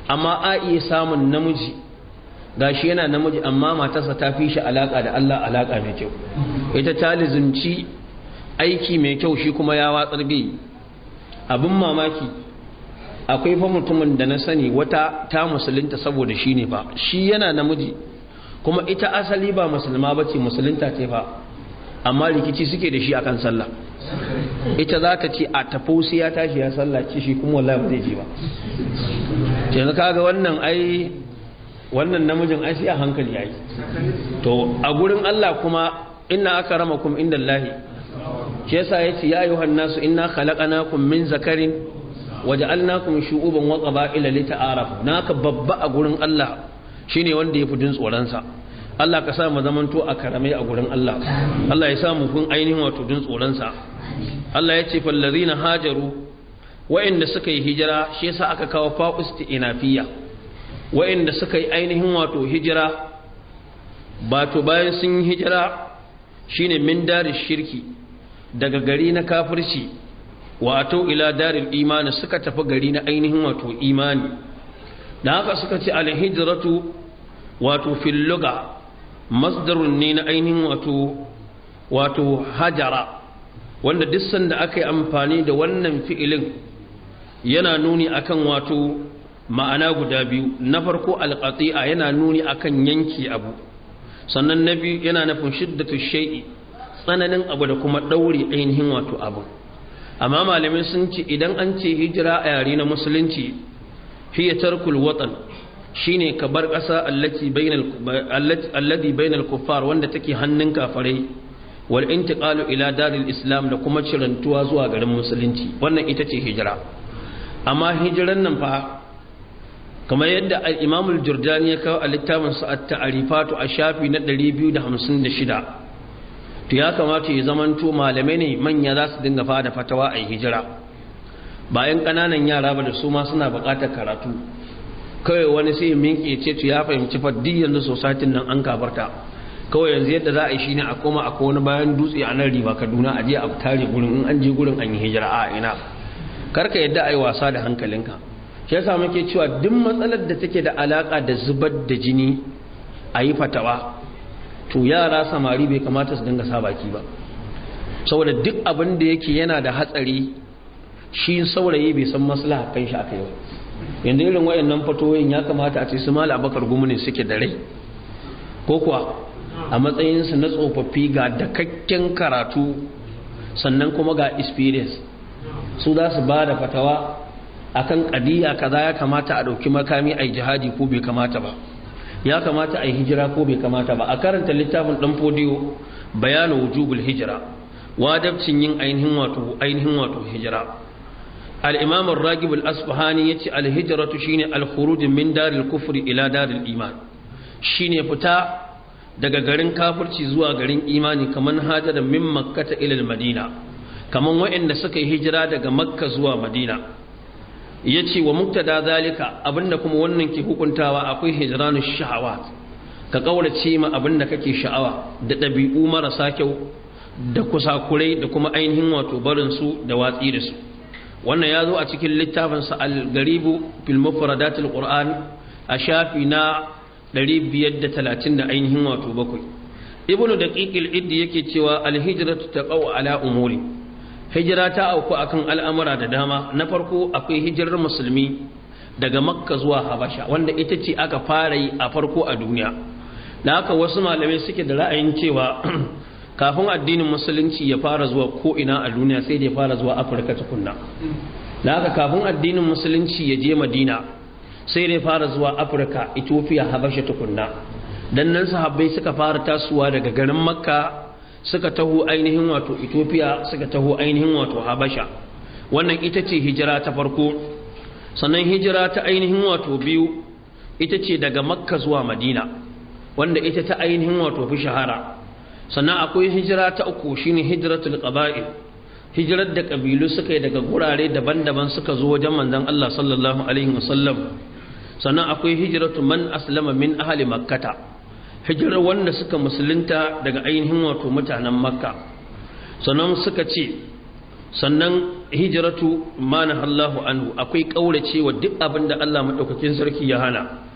amma a iya samun namiji Ga shi yana namiji amma matarsa ta fi shi alaƙa da Allah alaƙa mai kyau ita ta lizumci aiki mai kyau shi kuma ya watsar bi abin mamaki akwai fa mutumin da na sani wata ta musulunta saboda shi ne ba shi yana namiji kuma ita asali ba musulma ba ce musulunta ce ba amma rikici suke da shi a kan sallah ita za ta ce a tafo sai ya tashi ya sallah ce shi kuma wallahi ba zai je ba yanzu kaga wannan ai wannan namijin ai sai a hankali yayi to a gurin Allah kuma inna akramakum indallahi shi yasa yace ya ayuhan nasu inna khalaqnakum min zakarin waje waja'alnakum shu'uban wa qaba'ila lita'arafu naka babba a gurin Allah shine wanda ya fi din tsoron sa Allah ka sa mu zamanto a karamai a gurin Allah Allah ya sa mu kun ainihin wato jin tsoronsa Allah ya ce fallazina hajaru wa'inda suka yi hijira shi yasa aka kawo fa'usti inafiya wa'inda suka yi ainihin wato hijira ba to bayan sun yi hijira shine min darin shirki daga gari na kafirci wato ila darin imani suka tafi gari na ainihin wato imani da haka suka ce hijratu wato filluga masdarun ne na ainihin wato wato hajara wanda duk sanda aka yi amfani da wannan fi'ilin yana nuni akan wato ma'ana guda biyu na farko alƙati'a yana nuni akan yanki abu sannan na biyu yana nufin shiddatu shay'i tsananin abu da kuma ɗauri ainihin wato abu amma malamai sun ce idan an ce hijira a yare na musulunci hiya tarkul watan Shi ne ka bar ƙasa allati bainal kufar wanda take hannun kafarai wal intiqalu ila daril islam da kuma cirantuwa zuwa garin musulunci wannan ita ce hijira amma hijiran nan fa kamar yadda al jordani ya kawo a littafin sa at-ta'rifatu a shafi na 256 to ya kamata ya zamanto malamai ne manya za su dinga fada fatawa a hijira bayan ƙananan yara ba da su ma suna buƙatar karatu kawai wani sai ke ce ya fahimci faddi yanzu sosatin nan an kabarta kawai yanzu yadda za a yi shi ne a koma a wani bayan dutse a nan riba kaduna a je a tare gurin in an je gurin an yi hijira a ina ka yadda a yi wasa da hankalinka shi yasa muke cewa duk matsalar da take da alaka da zubar da jini a yi fatawa to yara samari bai kamata su dinga sa baki ba saboda duk abin da yake yana da hatsari shi saurayi bai san maslaha kan shi akai ba yanzu irin wayannan fatoyin ya kamata a ce su mala abakar gumunin suke da rai ko kuwa a matsayinsu na tsofaffi ga dakakken karatu sannan kuma ga experience su za su ba da fatawa akan ƙadiyya kaza ya kamata a ɗauki makami a jihadi ko bai kamata ba ya kamata a yi hijira ko bai kamata ba a karanta littafin ɗan fodiyo bayanin wujubul hijira wadabcin yin ainihin wato hijira al الراجب الأصفهاني يتي الهجرة شيني yace al دار shine إلى دار min daril فتاة ila daril iman shine fita daga garin kafirci zuwa garin imani kaman hajara min makka ta al-madina kaman wa'anda suka yi hijira daga makka zuwa madina yace wa muktada zalika abinda kuma wannan ke hukuntawa akwai hijranu shahawat ka ce ma abinda kake sha'awa da ɗabi'u marasa kyau da kusakurai da kuma ainihin wato barin su da watsi da su wannan ya zo a cikin littafinsa al-garibu fil mufradatil qur'an a shafi na 530 da ainihin wato bakwai ibnu daqiqil iddi yake cewa al-hijratu taqaw ala umuri hijira ta auku akan al'amura da dama na farko akwai hijirar musulmi daga makka zuwa habasha wanda ita ce aka fara yi a farko a duniya da haka wasu malamai suke da ra'ayin cewa kafin addinin musulunci ya fara zuwa ko ina a duniya sai da ya fara zuwa afirka tukunna da haka kafin addinin musulunci ya je madina sai da ya fara zuwa afirka ethiopia habasha tukunna dan nan sahabbai suka fara tasowa daga garin makka suka taho ainihin wato ethiopia suka taho ainihin wato habasha wannan ita ce hijira ta farko sannan hijira ta ainihin wato biyu ita ce daga makka zuwa madina wanda ita ta ainihin wato fi shahara sannan akwai hijira ta uku shine hijratul qaba'il hijirar da kabilu suka yi daga gurare daban-daban suka zo wajen manzon Allah sallallahu alaihi wasallam sannan akwai hijratu man aslama min ahli makkata hijirar wanda suka musulunta daga ainihin wato mutanen makka sannan suka ce sannan hijiratu mana Allahu anhu akwai kaurace wa duk abin da Allah madaukakin sarki ya hana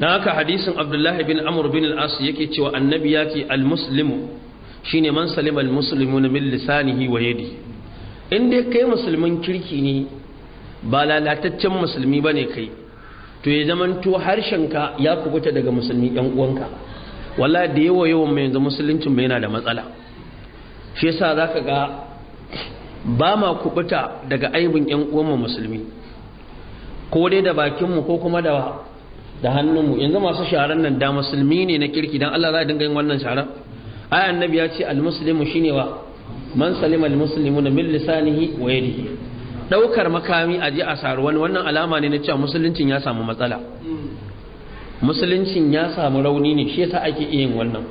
na haka hadisin abdullahi bin amur bin al'as yake cewa annabi ya ce al-muslimu shi ne man salima al-muslimu na min lisanihi wa yadi in dai kai musulmin kirki ne ba lalataccen musulmi ba ne kai to ya zaman to ka ya kubuta daga musulmi yan'uwanka. uwanka walla da yawa yawan mai yanzu musuluncin mai yana da matsala shi yasa za ka ga ba ma kubuta daga aibin yan uwanmu musulmi ko dai da bakinmu ko kuma da da hannunmu yanzu masu sharan nan da musulmi ne na kirki dan Allah za a dinga yin wannan shara ai annabi ya ce al almuslimu shine wa man salima na min lisanihi wa yadihi daukar makami a ji a saru wani wannan alama ne na cewa musuluncin ya samu matsala musuluncin ya samu rauni ne shi yasa ake yin wannan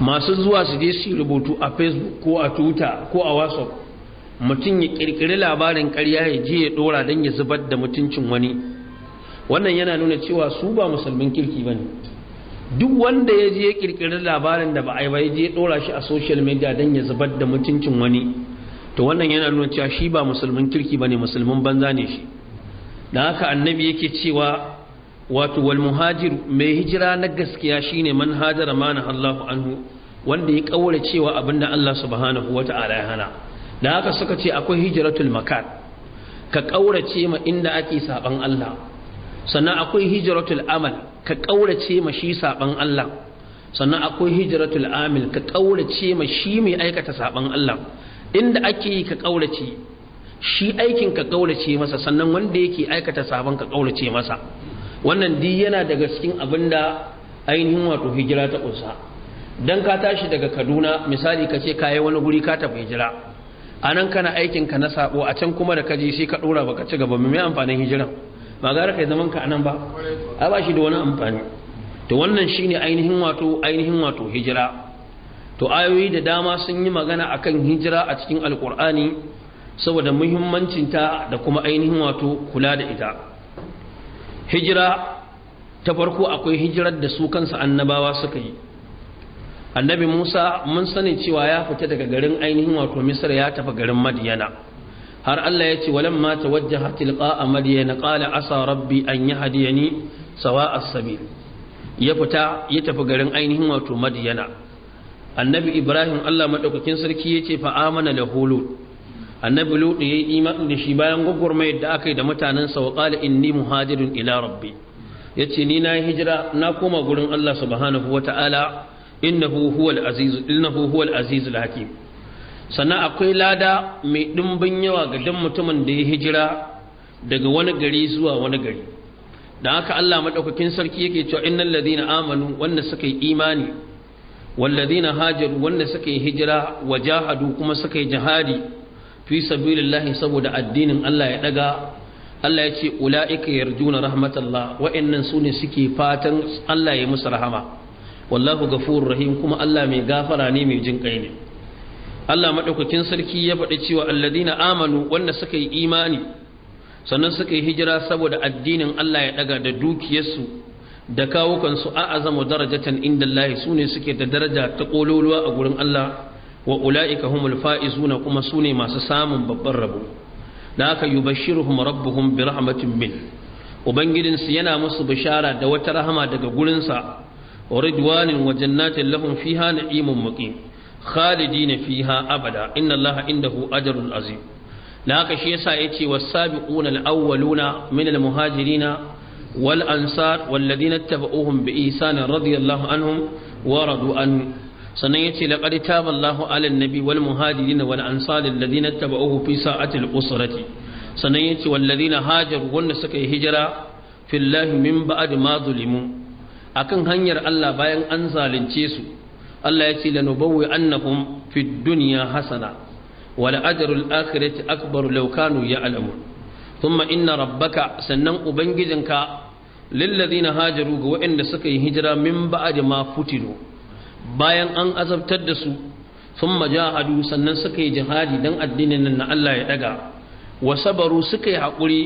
masu zuwa su je su rubutu a facebook ko a twitter ko a whatsapp mutum ya kirkiri labarin karya ya je ya dora don ya zubar da mutuncin wani wannan yana nuna cewa su ba musulmin kirki bane duk wanda ya je ya labarin da ba a yi ba ya je dora shi a social media don ya zubar da mutuncin wani to wannan yana nuna cewa shi ba musulmin kirki bane musulmin banza ne shi da haka annabi yake cewa wato wal muhajir mai hijira na gaskiya shine man hajara mana Allahu anhu wanda ya kaura cewa abinda Allah subhanahu wata'ala ya hana da haka suka ce akwai hijratul makar ka ce ma inda ake saban Allah sannan akwai hijratul amal ka kaurace ma shi saban Allah sannan akwai hijratul amil ka kaurace ma shi mai aikata saban Allah inda ake yi ka kaurace shi aikin ka kaurace masa sannan wanda yake aikata saban ka kaurace masa wannan duk yana daga cikin abinda ainihin wato hijira ta kusa dan ka tashi daga Kaduna misali ka ce ka yi wani guri ka tafi hijira anan kana aikin ka na sabo a can kuma da kaji sai ka dora baka ci gaba mai amfanin hijiran ba gara kai zaman ka anan ba a ba shi da wani amfani to wannan shine ainihin wato ainihin wato hijira to ayoyi da dama sun yi magana akan hijira a cikin alkur'ani saboda muhimmancin ta da kuma ainihin wato kula da ita hijira ta farko akwai hijirar da su kansa annabawa suka yi annabi musa mun sani cewa ya fita daga garin ainihin wato misir ya tafi garin madiyana har Allah ya ce walamma tawajjaha a madyana qala asa rabbi an ni sawa as-sabil ya fita ya tafi garin ainihin wato madyana annabi ibrahim Allah maɗaukakin sarki ya ce fa amana da lut annabi lut yayi imani da shi bayan gwagwarmai da aka yi da mutanen sa wa qala inni muhajirin ila rabbi yace ni na hijira na koma gurin Allah subhanahu wa Ta'ala innahu huwal azizul hakim sannan akwai lada mai ɗimbin yawa ga dan mutumin da ya hijira daga wani gari zuwa wani gari da haka Allah maɗaukakin sarki yake cewa innal ladina amanu wanda suka yi imani Ladina hajaru wanda suka yi hijira wajahadu kuma suka yi jihadi fi sabilillahi saboda addinin Allah ya daga Allah ya ce ula'ika yarjuna rahmatullah. wa'annan su ne suke fatan Allah ya musu rahama wallahu ghafurur rahim kuma Allah mai gafara ne mai jin ne Allah maɗaukakin sarki ya faɗi cewa alladina amanu wanda suka yi imani sannan suka yi hijira saboda addinin Allah ya ɗaga da dukiyarsu da kawukansu a azamu darajatan inda Allah su ne suke da daraja ta ƙololuwa a gurin Allah wa ula'ika humul fa'izuna kuma su ne masu samun babban rabo da aka yubashshiruhum rabbuhum bi rahmatin min ubangijinsu yana musu bishara da wata rahama daga gurinsa wa ridwanin wa jannatin lahum fiha na'imun muqim Khalidi fi ha abada inna allaha hu ajrun azim la haka shi yasa ce wa sabiquna al-awwaluna min al-muhajirina wal ansar walladhina ittaba'uuhum bi ihsan radiyallahu anhum wa radu an sannan yace laqad taba Allahu 'ala an-nabi wal muhajirin wal ansar alladhina ittaba'uuhu fi sa'ati al-usrati sannan yace walladhina hajaru wanda suka yi hijira fillahi min ba'd ma zulimu akan hanyar Allah bayan an zalunce su Allah ya ce lanubawwi annahum fid dunya hasana wal ajrul akhirati akbaru law kanu ya'lamun thumma inna rabbaka sannan ubangijinka lilladhina hajaru ga waɗanda suka yi hijira min ba'd ma futinu bayan an azabtar da su thumma jahadu sannan suka yi jihadi dan addinin nan na Allah ya daga wa sabaru suka yi haƙuri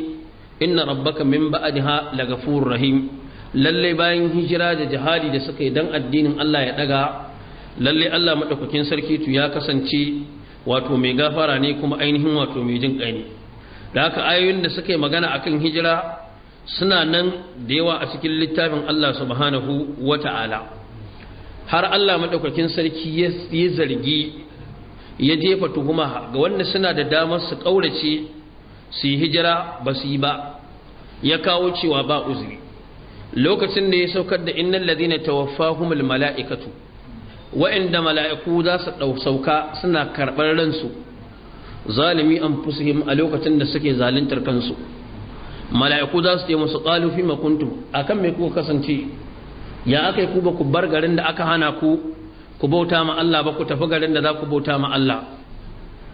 inna rabbaka min ba'daha lagafurur rahim lalle bayan hijira da jihadi da suka yi dan addinin Allah ya daga lalle Allah madaukakin sarki tu ya kasance wato mai gafara ne kuma ainihin wato mai jin kai da haka ayoyin da suka yi magana akan hijira suna nan da yawa a cikin littafin Allah subhanahu wata'ala har Allah madaukakin sarki ya zargi ya jefa tuhuma ga wanda suna da damar su ƙaurace su yi hijira ba su yi ba ya kawo cewa ba uzuri lokacin da ya saukar da innal ladina tawaffahumul mala'ikatu wa'inda mala'iku za su ɗau sauka suna karɓar ransu zalimi an fusihim a lokacin da suke zaluntar kansu mala'iku za su ce musu ƙalufi makuntu a kan mai kuka kasance ya aka yi ku ba ku bar garin da aka hana ku ku bauta ma Allah ba ku tafi garin da za ku bauta ma Allah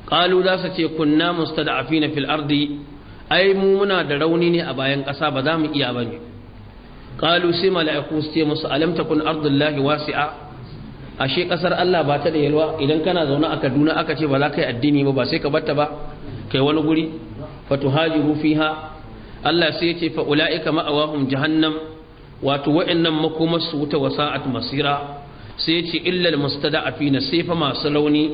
ƙalu za su ce kunna mustada'afina fil ardi ai mu muna da rauni ne a bayan ƙasa ba za mu iya ba ne ƙalu sai mala'iku su ce musu alam takun ardullahi wasi'a ashe kasar Allah ba ta da yalwa idan kana zaune a Kaduna aka ce ba za ka yi addini ba ba sai ka batta ba kai wani guri fatuhajiru fiha Allah sai yace fa ulaika ma'awahum jahannam wato wa'annan makomar su wuta wasa'at masira sai yace illa almustada'afina sai fa masu launi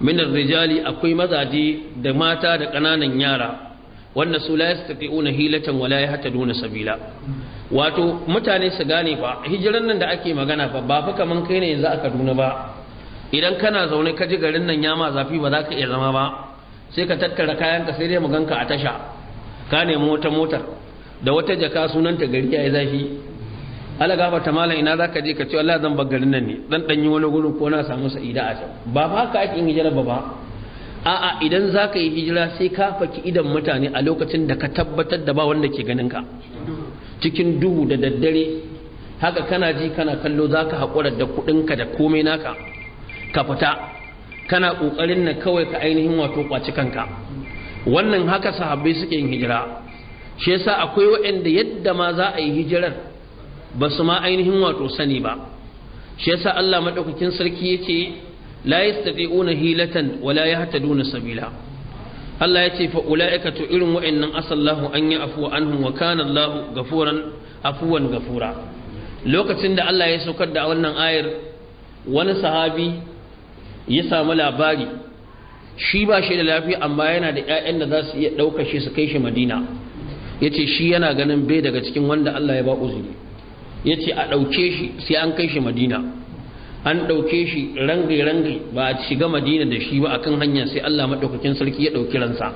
min rijali akwai mazaje da mata da kananan yara wanda su la yastati'una hilatan wala yahtaduna sabila wato mutane su gane fa hijiran nan da ake magana fa ba fa kaman kai ne yanzu a Kaduna ba idan kana zaune ka ji garin nan ya ma zafi ba za ka iya zama ba sai ka tattara kayan ka sai dai mu ganka a tasha ka nemi wata motar da wata jaka sunanta gari ya zafi ala gaba ta malam ina zaka je ka ce Allah zan bar garin nan ne dan danyi wani gurin ko na samu sa'ida a can ba haka ka ake yin hijira ba ba a'a idan za ka yi hijira sai ka faki idan mutane a lokacin da ka tabbatar da ba wanda ke ganin ka cikin duhu da daddare haka kana ji kana kallo za ka haƙura da kuɗinka da komai naka ka fita kana ƙoƙarin na kawai ka ainihin wato ƙwaci kanka wannan haka sahabbai suke yin hijira shi yasa akwai waɗanda yadda ma za a yi hijirar ba su ma ainihin wato sani ba shi yasa Allah maɗaukakin sarki ya ce la yastati'una hilatan wa hata, yahtaduna sabila Allah ya ce fa ula'ika irin wa'annan asallahu an yi afuwa anhum gafuran afuwan gafura lokacin da Allah ya saukar da wannan ayar wani sahabi ya samu labari shi ba shi da lafiya amma yana da ƴaƴan da za su iya ɗauka su kai shi Madina ya ce shi yana ganin bai daga cikin wanda Allah ya ba uzuri ya ce a ɗauke shi sai an kai shi Madina an ɗauke shi rangai-rangai ba a shiga madina da shi ba akan hanya sai Allah maɗaukakin sarki ya ɗauki ransa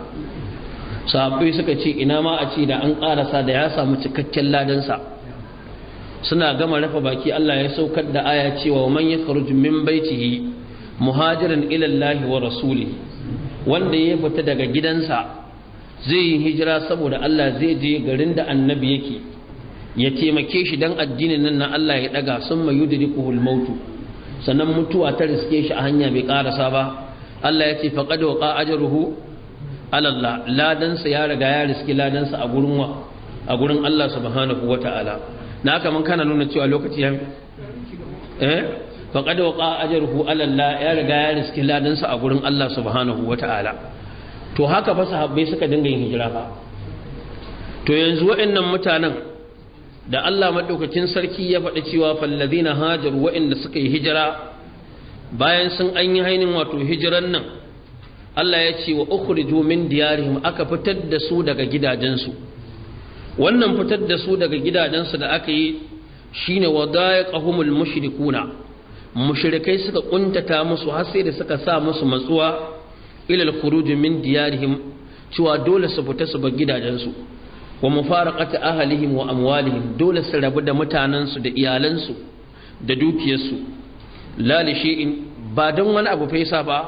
sahabbai suka ce ina ma a ce da an ƙarasa da ya samu cikakken ladansa suna gama rafa baki Allah ya saukar da aya cewa man ya kharuju min baitihi muhajiran ila Allah wa rasuli wanda ya fita daga gidansa zai yi hijira saboda Allah zai je garin da annabi yake ya taimake shi dan addinin nan na Allah ya ɗaga, sun mayu da rikuhul mautu sannan mutuwa ta riske shi a hanya bai karasa ba Allah ya ce faqad wa ajruhu ala Allah ladansa ya riga ya riski ladansa a gurin wa a gurin Allah subhanahu wataala na haka mun kana nuna cewa lokaci ya eh faqad wa ajruhu ala Allah ya riga ya riski ladansa a gurin Allah subhanahu wataala to haka fa sahabbai suka dinga yin hijira ba. to yanzu waɗannan mutanen da Allah madaukakin sarki ya faɗi cewa fallazina hajaru wa'inda suka yi hijira bayan sun an yi hainin wato hijiran nan Allah ya ce wa ukhriju min diyarihim aka fitar da su daga gidajensu wannan fitar da su daga gidajensu da aka yi shine wadaiqahumul mushrikuna mushrikai suka kuntata musu har sai da suka sa musu matsuwa ilal al min diyarihim cewa dole su fita su bar gidajensu wa mufaraqati ahlihim wa amwalihim dole su rabu da mutanansu da iyalansu da dukiyarsu la li shay'in ba don wani abu faisa ba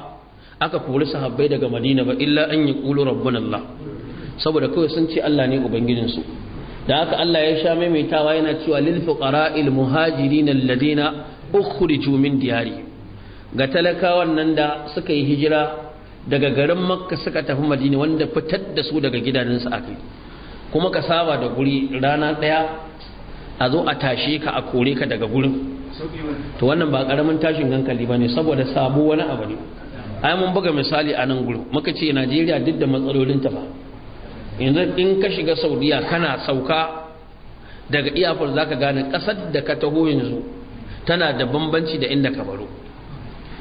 aka kori sahabbai daga Madina ba illa an yi qulu rabbuna Allah saboda kawai sun ce Allah ne su da haka Allah ya sha maimaitawa yana cewa lil fuqara'il muhajirin alladina ukhriju min diyari ga talakawan nan da suka yi hijira daga garin Makka suka tafi Madina wanda fitar da su daga gidaninsu akai kuma ka saba da guri rana ɗaya a zo a tashe ka a kore ka daga gurin to wannan ba ƙaramin tashin hankali ba ne saboda sabo wani abu ne ai mun buga misali a nan guri, muka ce najeriya duk da matsalolin ta ba yanzu in ka shiga saudiya kana sauka daga iyafar zaka gane ƙasar da ka taho yanzu tana da bambanci da inda ka baro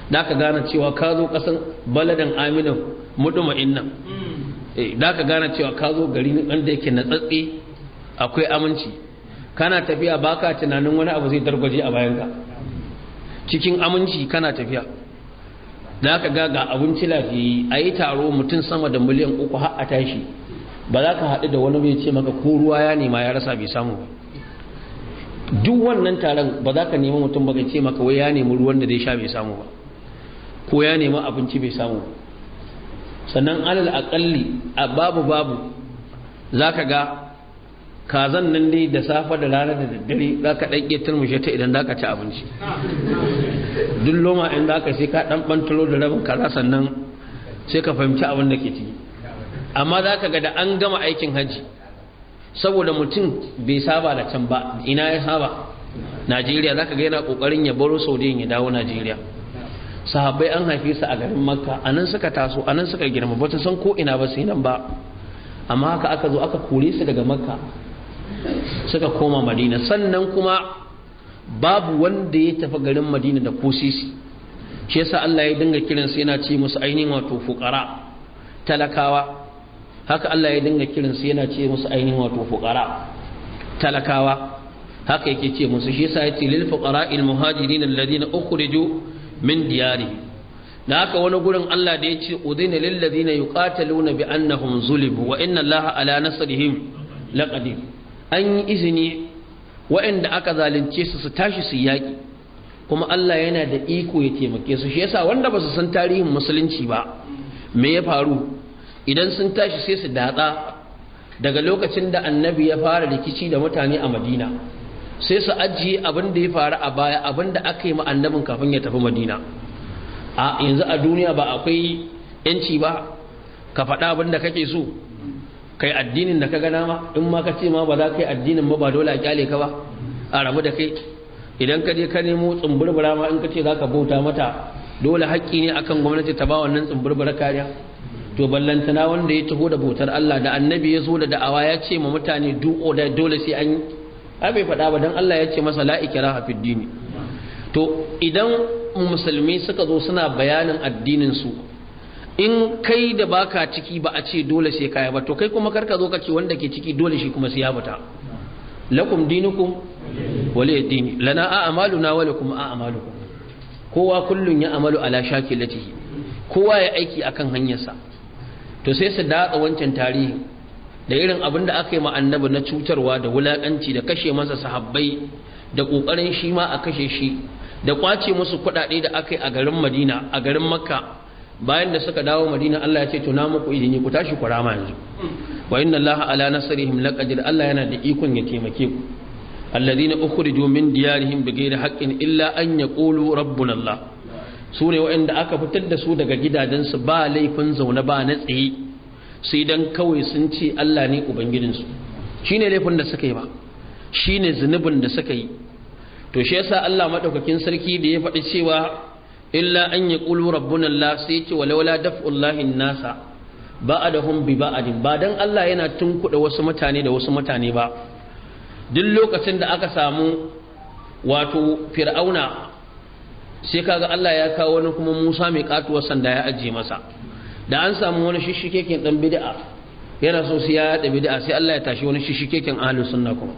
da ka gane cewa ka zo ƙasar baladan aminu muɗuma innan hmm. Eh, da ka gane cewa ka zo gari wanda yake natsatse akwai aminci kana tafiya baka tunanin wani abu zai dargwaje a bayanka cikin aminci kana tafiya da ka ga ga abinci lafiyayi a yi taro mutum sama da miliyan uku har a tashi ba za ka haɗu da wani mai ce maka ko ruwa ya nema ya rasa bai samu ba duk wannan taron ba za ka nemi mutum ba ka ce maka wai ya nemi ruwan da zai sha bai samu ba ko ya nemi abinci bai samu ba sannan alal aƙalli a babu babu za ka ga kazan nan dai da safa da rana da daddare za ka ɗan ƙetar mushe ta idan za ka ci abinci duk loma in za ka sai ka ɗan da rabin kaza sannan sai ka fahimci abin da ke ciki amma za ka ga da an gama aikin hajji saboda mutum bai saba da can ba ina ya saba najeriya za ka ga yana ƙoƙarin ya baro saudiya ya dawo najeriya sahabbai an haife su a garin makka a nan suka taso a nan suka girma ba san ko ina ba sai nan ba amma haka aka zo aka kore su daga makka suka koma madina sannan kuma babu wanda ya tafi garin madina da kosisi shi yasa Allah ya dinga kiran su yana ce musu ainihin wato fuqara talakawa haka Allah ya dinga kiran su yana ce musu ainihin wato fuqara talakawa haka yake ce musu shi yasa ce lil fuqara'il muhajirin alladhina ukhriju min diyari da haka wani gurin Allah da ya ce udhina lil ladina yuqataluna bi annahum zulibu wa inna Allaha ala nasrihim laqadir an yi izini waɗanda aka zalunce su su tashi su yaki kuma Allah yana da iko ya taimake su shi yasa wanda ba su san tarihin musulunci ba me ya faru idan sun tashi sai su datsa daga lokacin da annabi ya fara rikici da mutane a madina sai su ajiye abin da ya faru a baya abin da aka yi annabin kafin ya tafi madina a yanzu a duniya ba akwai yanci ba ka faɗa abin da kake so kai addinin da ka gana ma in ma ka ce ma ba za ka yi addinin ma ba dole a kyale ka ba a rabu da kai idan ka je ka nemo tsumburbura ma in ka ce za ka bauta mata dole haƙƙi ne akan gwamnati ta ba wannan tsumburbura kariya to ballantana wanda ya taho da bautar Allah da annabi ya zo da da'awa ya ce ma mutane duk dole sai an ai bai faɗa ba dan Allah ya ce masa la ikraha fid dini to idan musulmi suka zo suna bayanin addinin su in kai da baka ciki ba a ce dole sai kaya ba to kai kuma karka zo ka ce wanda ke ciki dole shi kuma sai ya fita lakum dinukum wali dini lana a amaluna wa lakum a amalukum kowa kullun ya amalu ala shakilatihi kowa ya aiki akan hanyarsa to sai su datsa wancan tarihin da irin abin da aka yi ma annabi na cutarwa da wulakanci da kashe masa sahabbai da kokarin shi ma a kashe shi da kwace musu kuɗaɗe da aka yi a garin madina a garin makka bayan da suka dawo madina allah ya ce tuna muku izini ku tashi ku rama yanzu wa inna allaha ala nasrihim laqadir allah yana da ikon ya taimake ku alladhina ukhrijoo min diyarihim bighayri haqqin illa an yaqulu rabbuna allah Sune ne waɗanda aka fitar da su daga gidajensu ba laifin zaune ba na tsaye sai dan kawai sun ce Allah ne ubangijinsu shine laifin da suka yi ba shine zunubin da suka yi to shi yasa Allah maɗaukakin sarki da ya faɗi cewa illa an ƙulu rabbuna Allah sai ce walawala daf'ullahi nasa ba'adahum bi ba'adin ba dan Allah yana tunkuda wasu mutane da wasu mutane ba duk lokacin da aka samu wato fir'auna sai kaga Allah ya kawo wani kuma Musa mai katuwar sanda ya ajiye masa da an samu wani shishikekin dan bid'a yana so sai ya yada bid'a sai Allah ya tashi wani shishikekin ahlus sunna kuma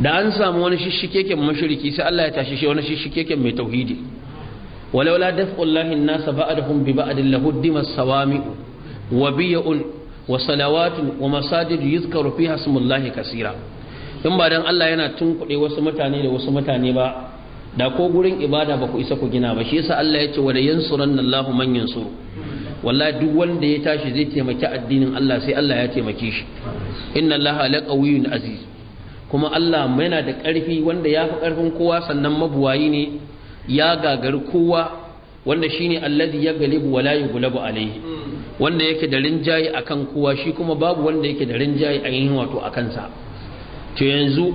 da an samu wani shishikekin mushriki sai Allah ya tashi shi wani shishikekin mai tauhidi walau la daf'ullahi an-nasa ba'dahum bi ba'd lahuddima sawami sawamiu wa biya'un wa salawatun wa masajid yuzkaru fiha ismullahi kaseera in ba dan Allah yana tunkuɗe wasu mutane da wasu mutane ba da ko gurin ibada ba ku isa ku gina ba shi yasa Allah ya ce wa yansuranna Allahu man yansuru wallahi duk wanda ya tashi zai taimaki addinin Allah sai Allah ya taimake shi inna Allah laqawiyyun aziz kuma Allah yana da ƙarfi wanda ya fi ƙarfin kowa sannan mabuwayi ne ya gagari kowa wanda shine allazi ya galibu wala yughlabu alayhi wanda yake da rinjayi akan kowa shi kuma babu wanda yake da a yin wato a kansa to yanzu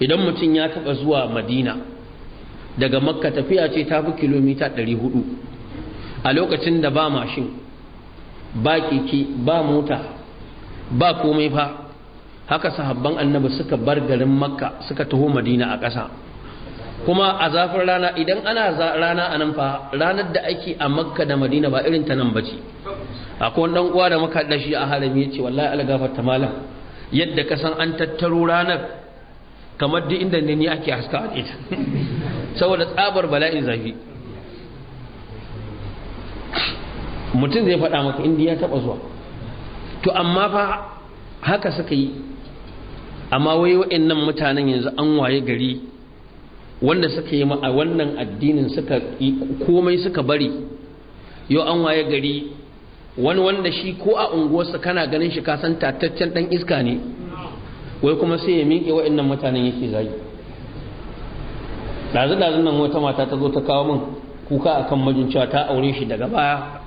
idan mutum ya taɓa zuwa madina daga makka tafiya ce ta fi kilomita 400 a lokacin da ba mashin ba keke ba mota ba komai fa haka sahabban annabi suka bar garin makka suka taho madina a ƙasa kuma a zafin rana idan ana rana a nan fa ranar da ake a makka da madina ba irin ta nan ba ce akwai wani uwa da muka shi a halami ya ce wallahi algafar ta malam yadda ka an tattaro ranar kamar duk inda ne ni ake haska a ita saboda tsabar bala'in zafi mutum zai faɗa maka inda ya taɓa zuwa to amma fa haka suka yi amma wai wa'annan mutanen yanzu an waye gari wanda suka yi a wannan addinin suka komai suka bari yau an waye gari wani wanda shi ko a unguwarsa kana ganin shi kasan tataccen dan iska ne wai kuma sai ya miƙe waɗannan mutanen yake zagi ɗazu-ɗazun nan wata mata ta zo ta kawo min kuka kan mijin cewa ta aure shi daga baya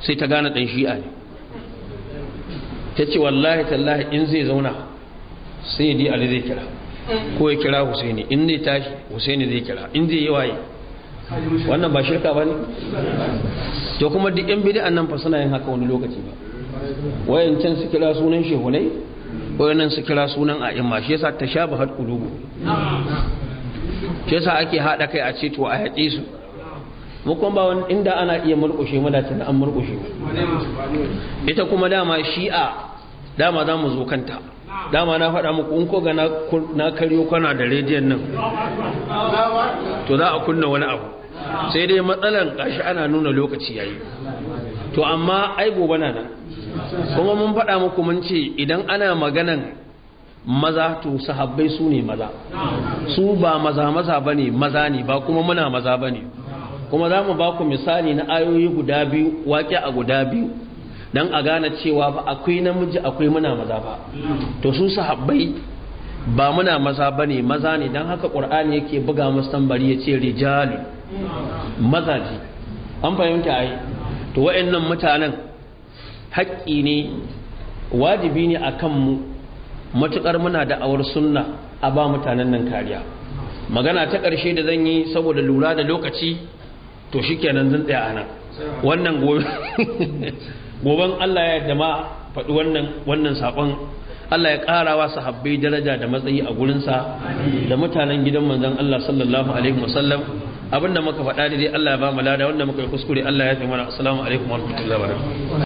sai ta gane ɗan shi'a ne ta ce wallahi tallahi in zai zauna sai di ali zai kira ko ya kira husaini in zai tashi husaini zai kira in zai yi waye wannan ba shirka ba ne to kuma duk yan bidi'an nan fa suna yin haka wani lokaci ba Wayan can su kira sunan shehunai nan su kira sunan a imma shi yasa hadu qulubu shi yasa ake haɗa kai a ce to a yaƙe su mu kuma ba wani inda ana iya murƙushe mu da tana an murƙushe ita kuma dama shi'a dama za mu zo kanta dama na faɗa muku in ko ga na karyo kana da rediyon nan to za a kunna wani abu sai dai matsalan ƙashi ana nuna lokaci yayi to amma ai gobe na nan kuma mun faɗa muku mun ce idan ana maganan maza to sahabbai su ne maza su ba maza maza bane maza ne ba kuma muna maza bane kuma za mu ba ku misali na ayoyi guda biyu waƙe a guda biyu don a gane cewa ba akwai namiji akwai muna maza ba to su sahabbai ba muna maza ba ne maza ne don haka ƙur'ani yake buga masu tambari ya ce maza mazaji an fahimta ai to wa'annan mutanen haƙƙi ne wajibi ne a kanmu matuƙar muna da awar sunna a ba mutanen nan kariya magana ta ƙarshe da zan yi saboda lura da lokaci to kenan zan tsaya nan wannan gobe goben Allah ya yarda ma faɗi wannan wannan sakon Allah ya ƙara wa sahabbai daraja da matsayi a gurinsa da mutanen gidan manzon Allah sallallahu alaihi wasallam abinda muka faɗa dai Allah ya ba mu lada wanda muka yi kuskure Allah ya fi mana assalamu alaikum warahmatullahi wabarakatuh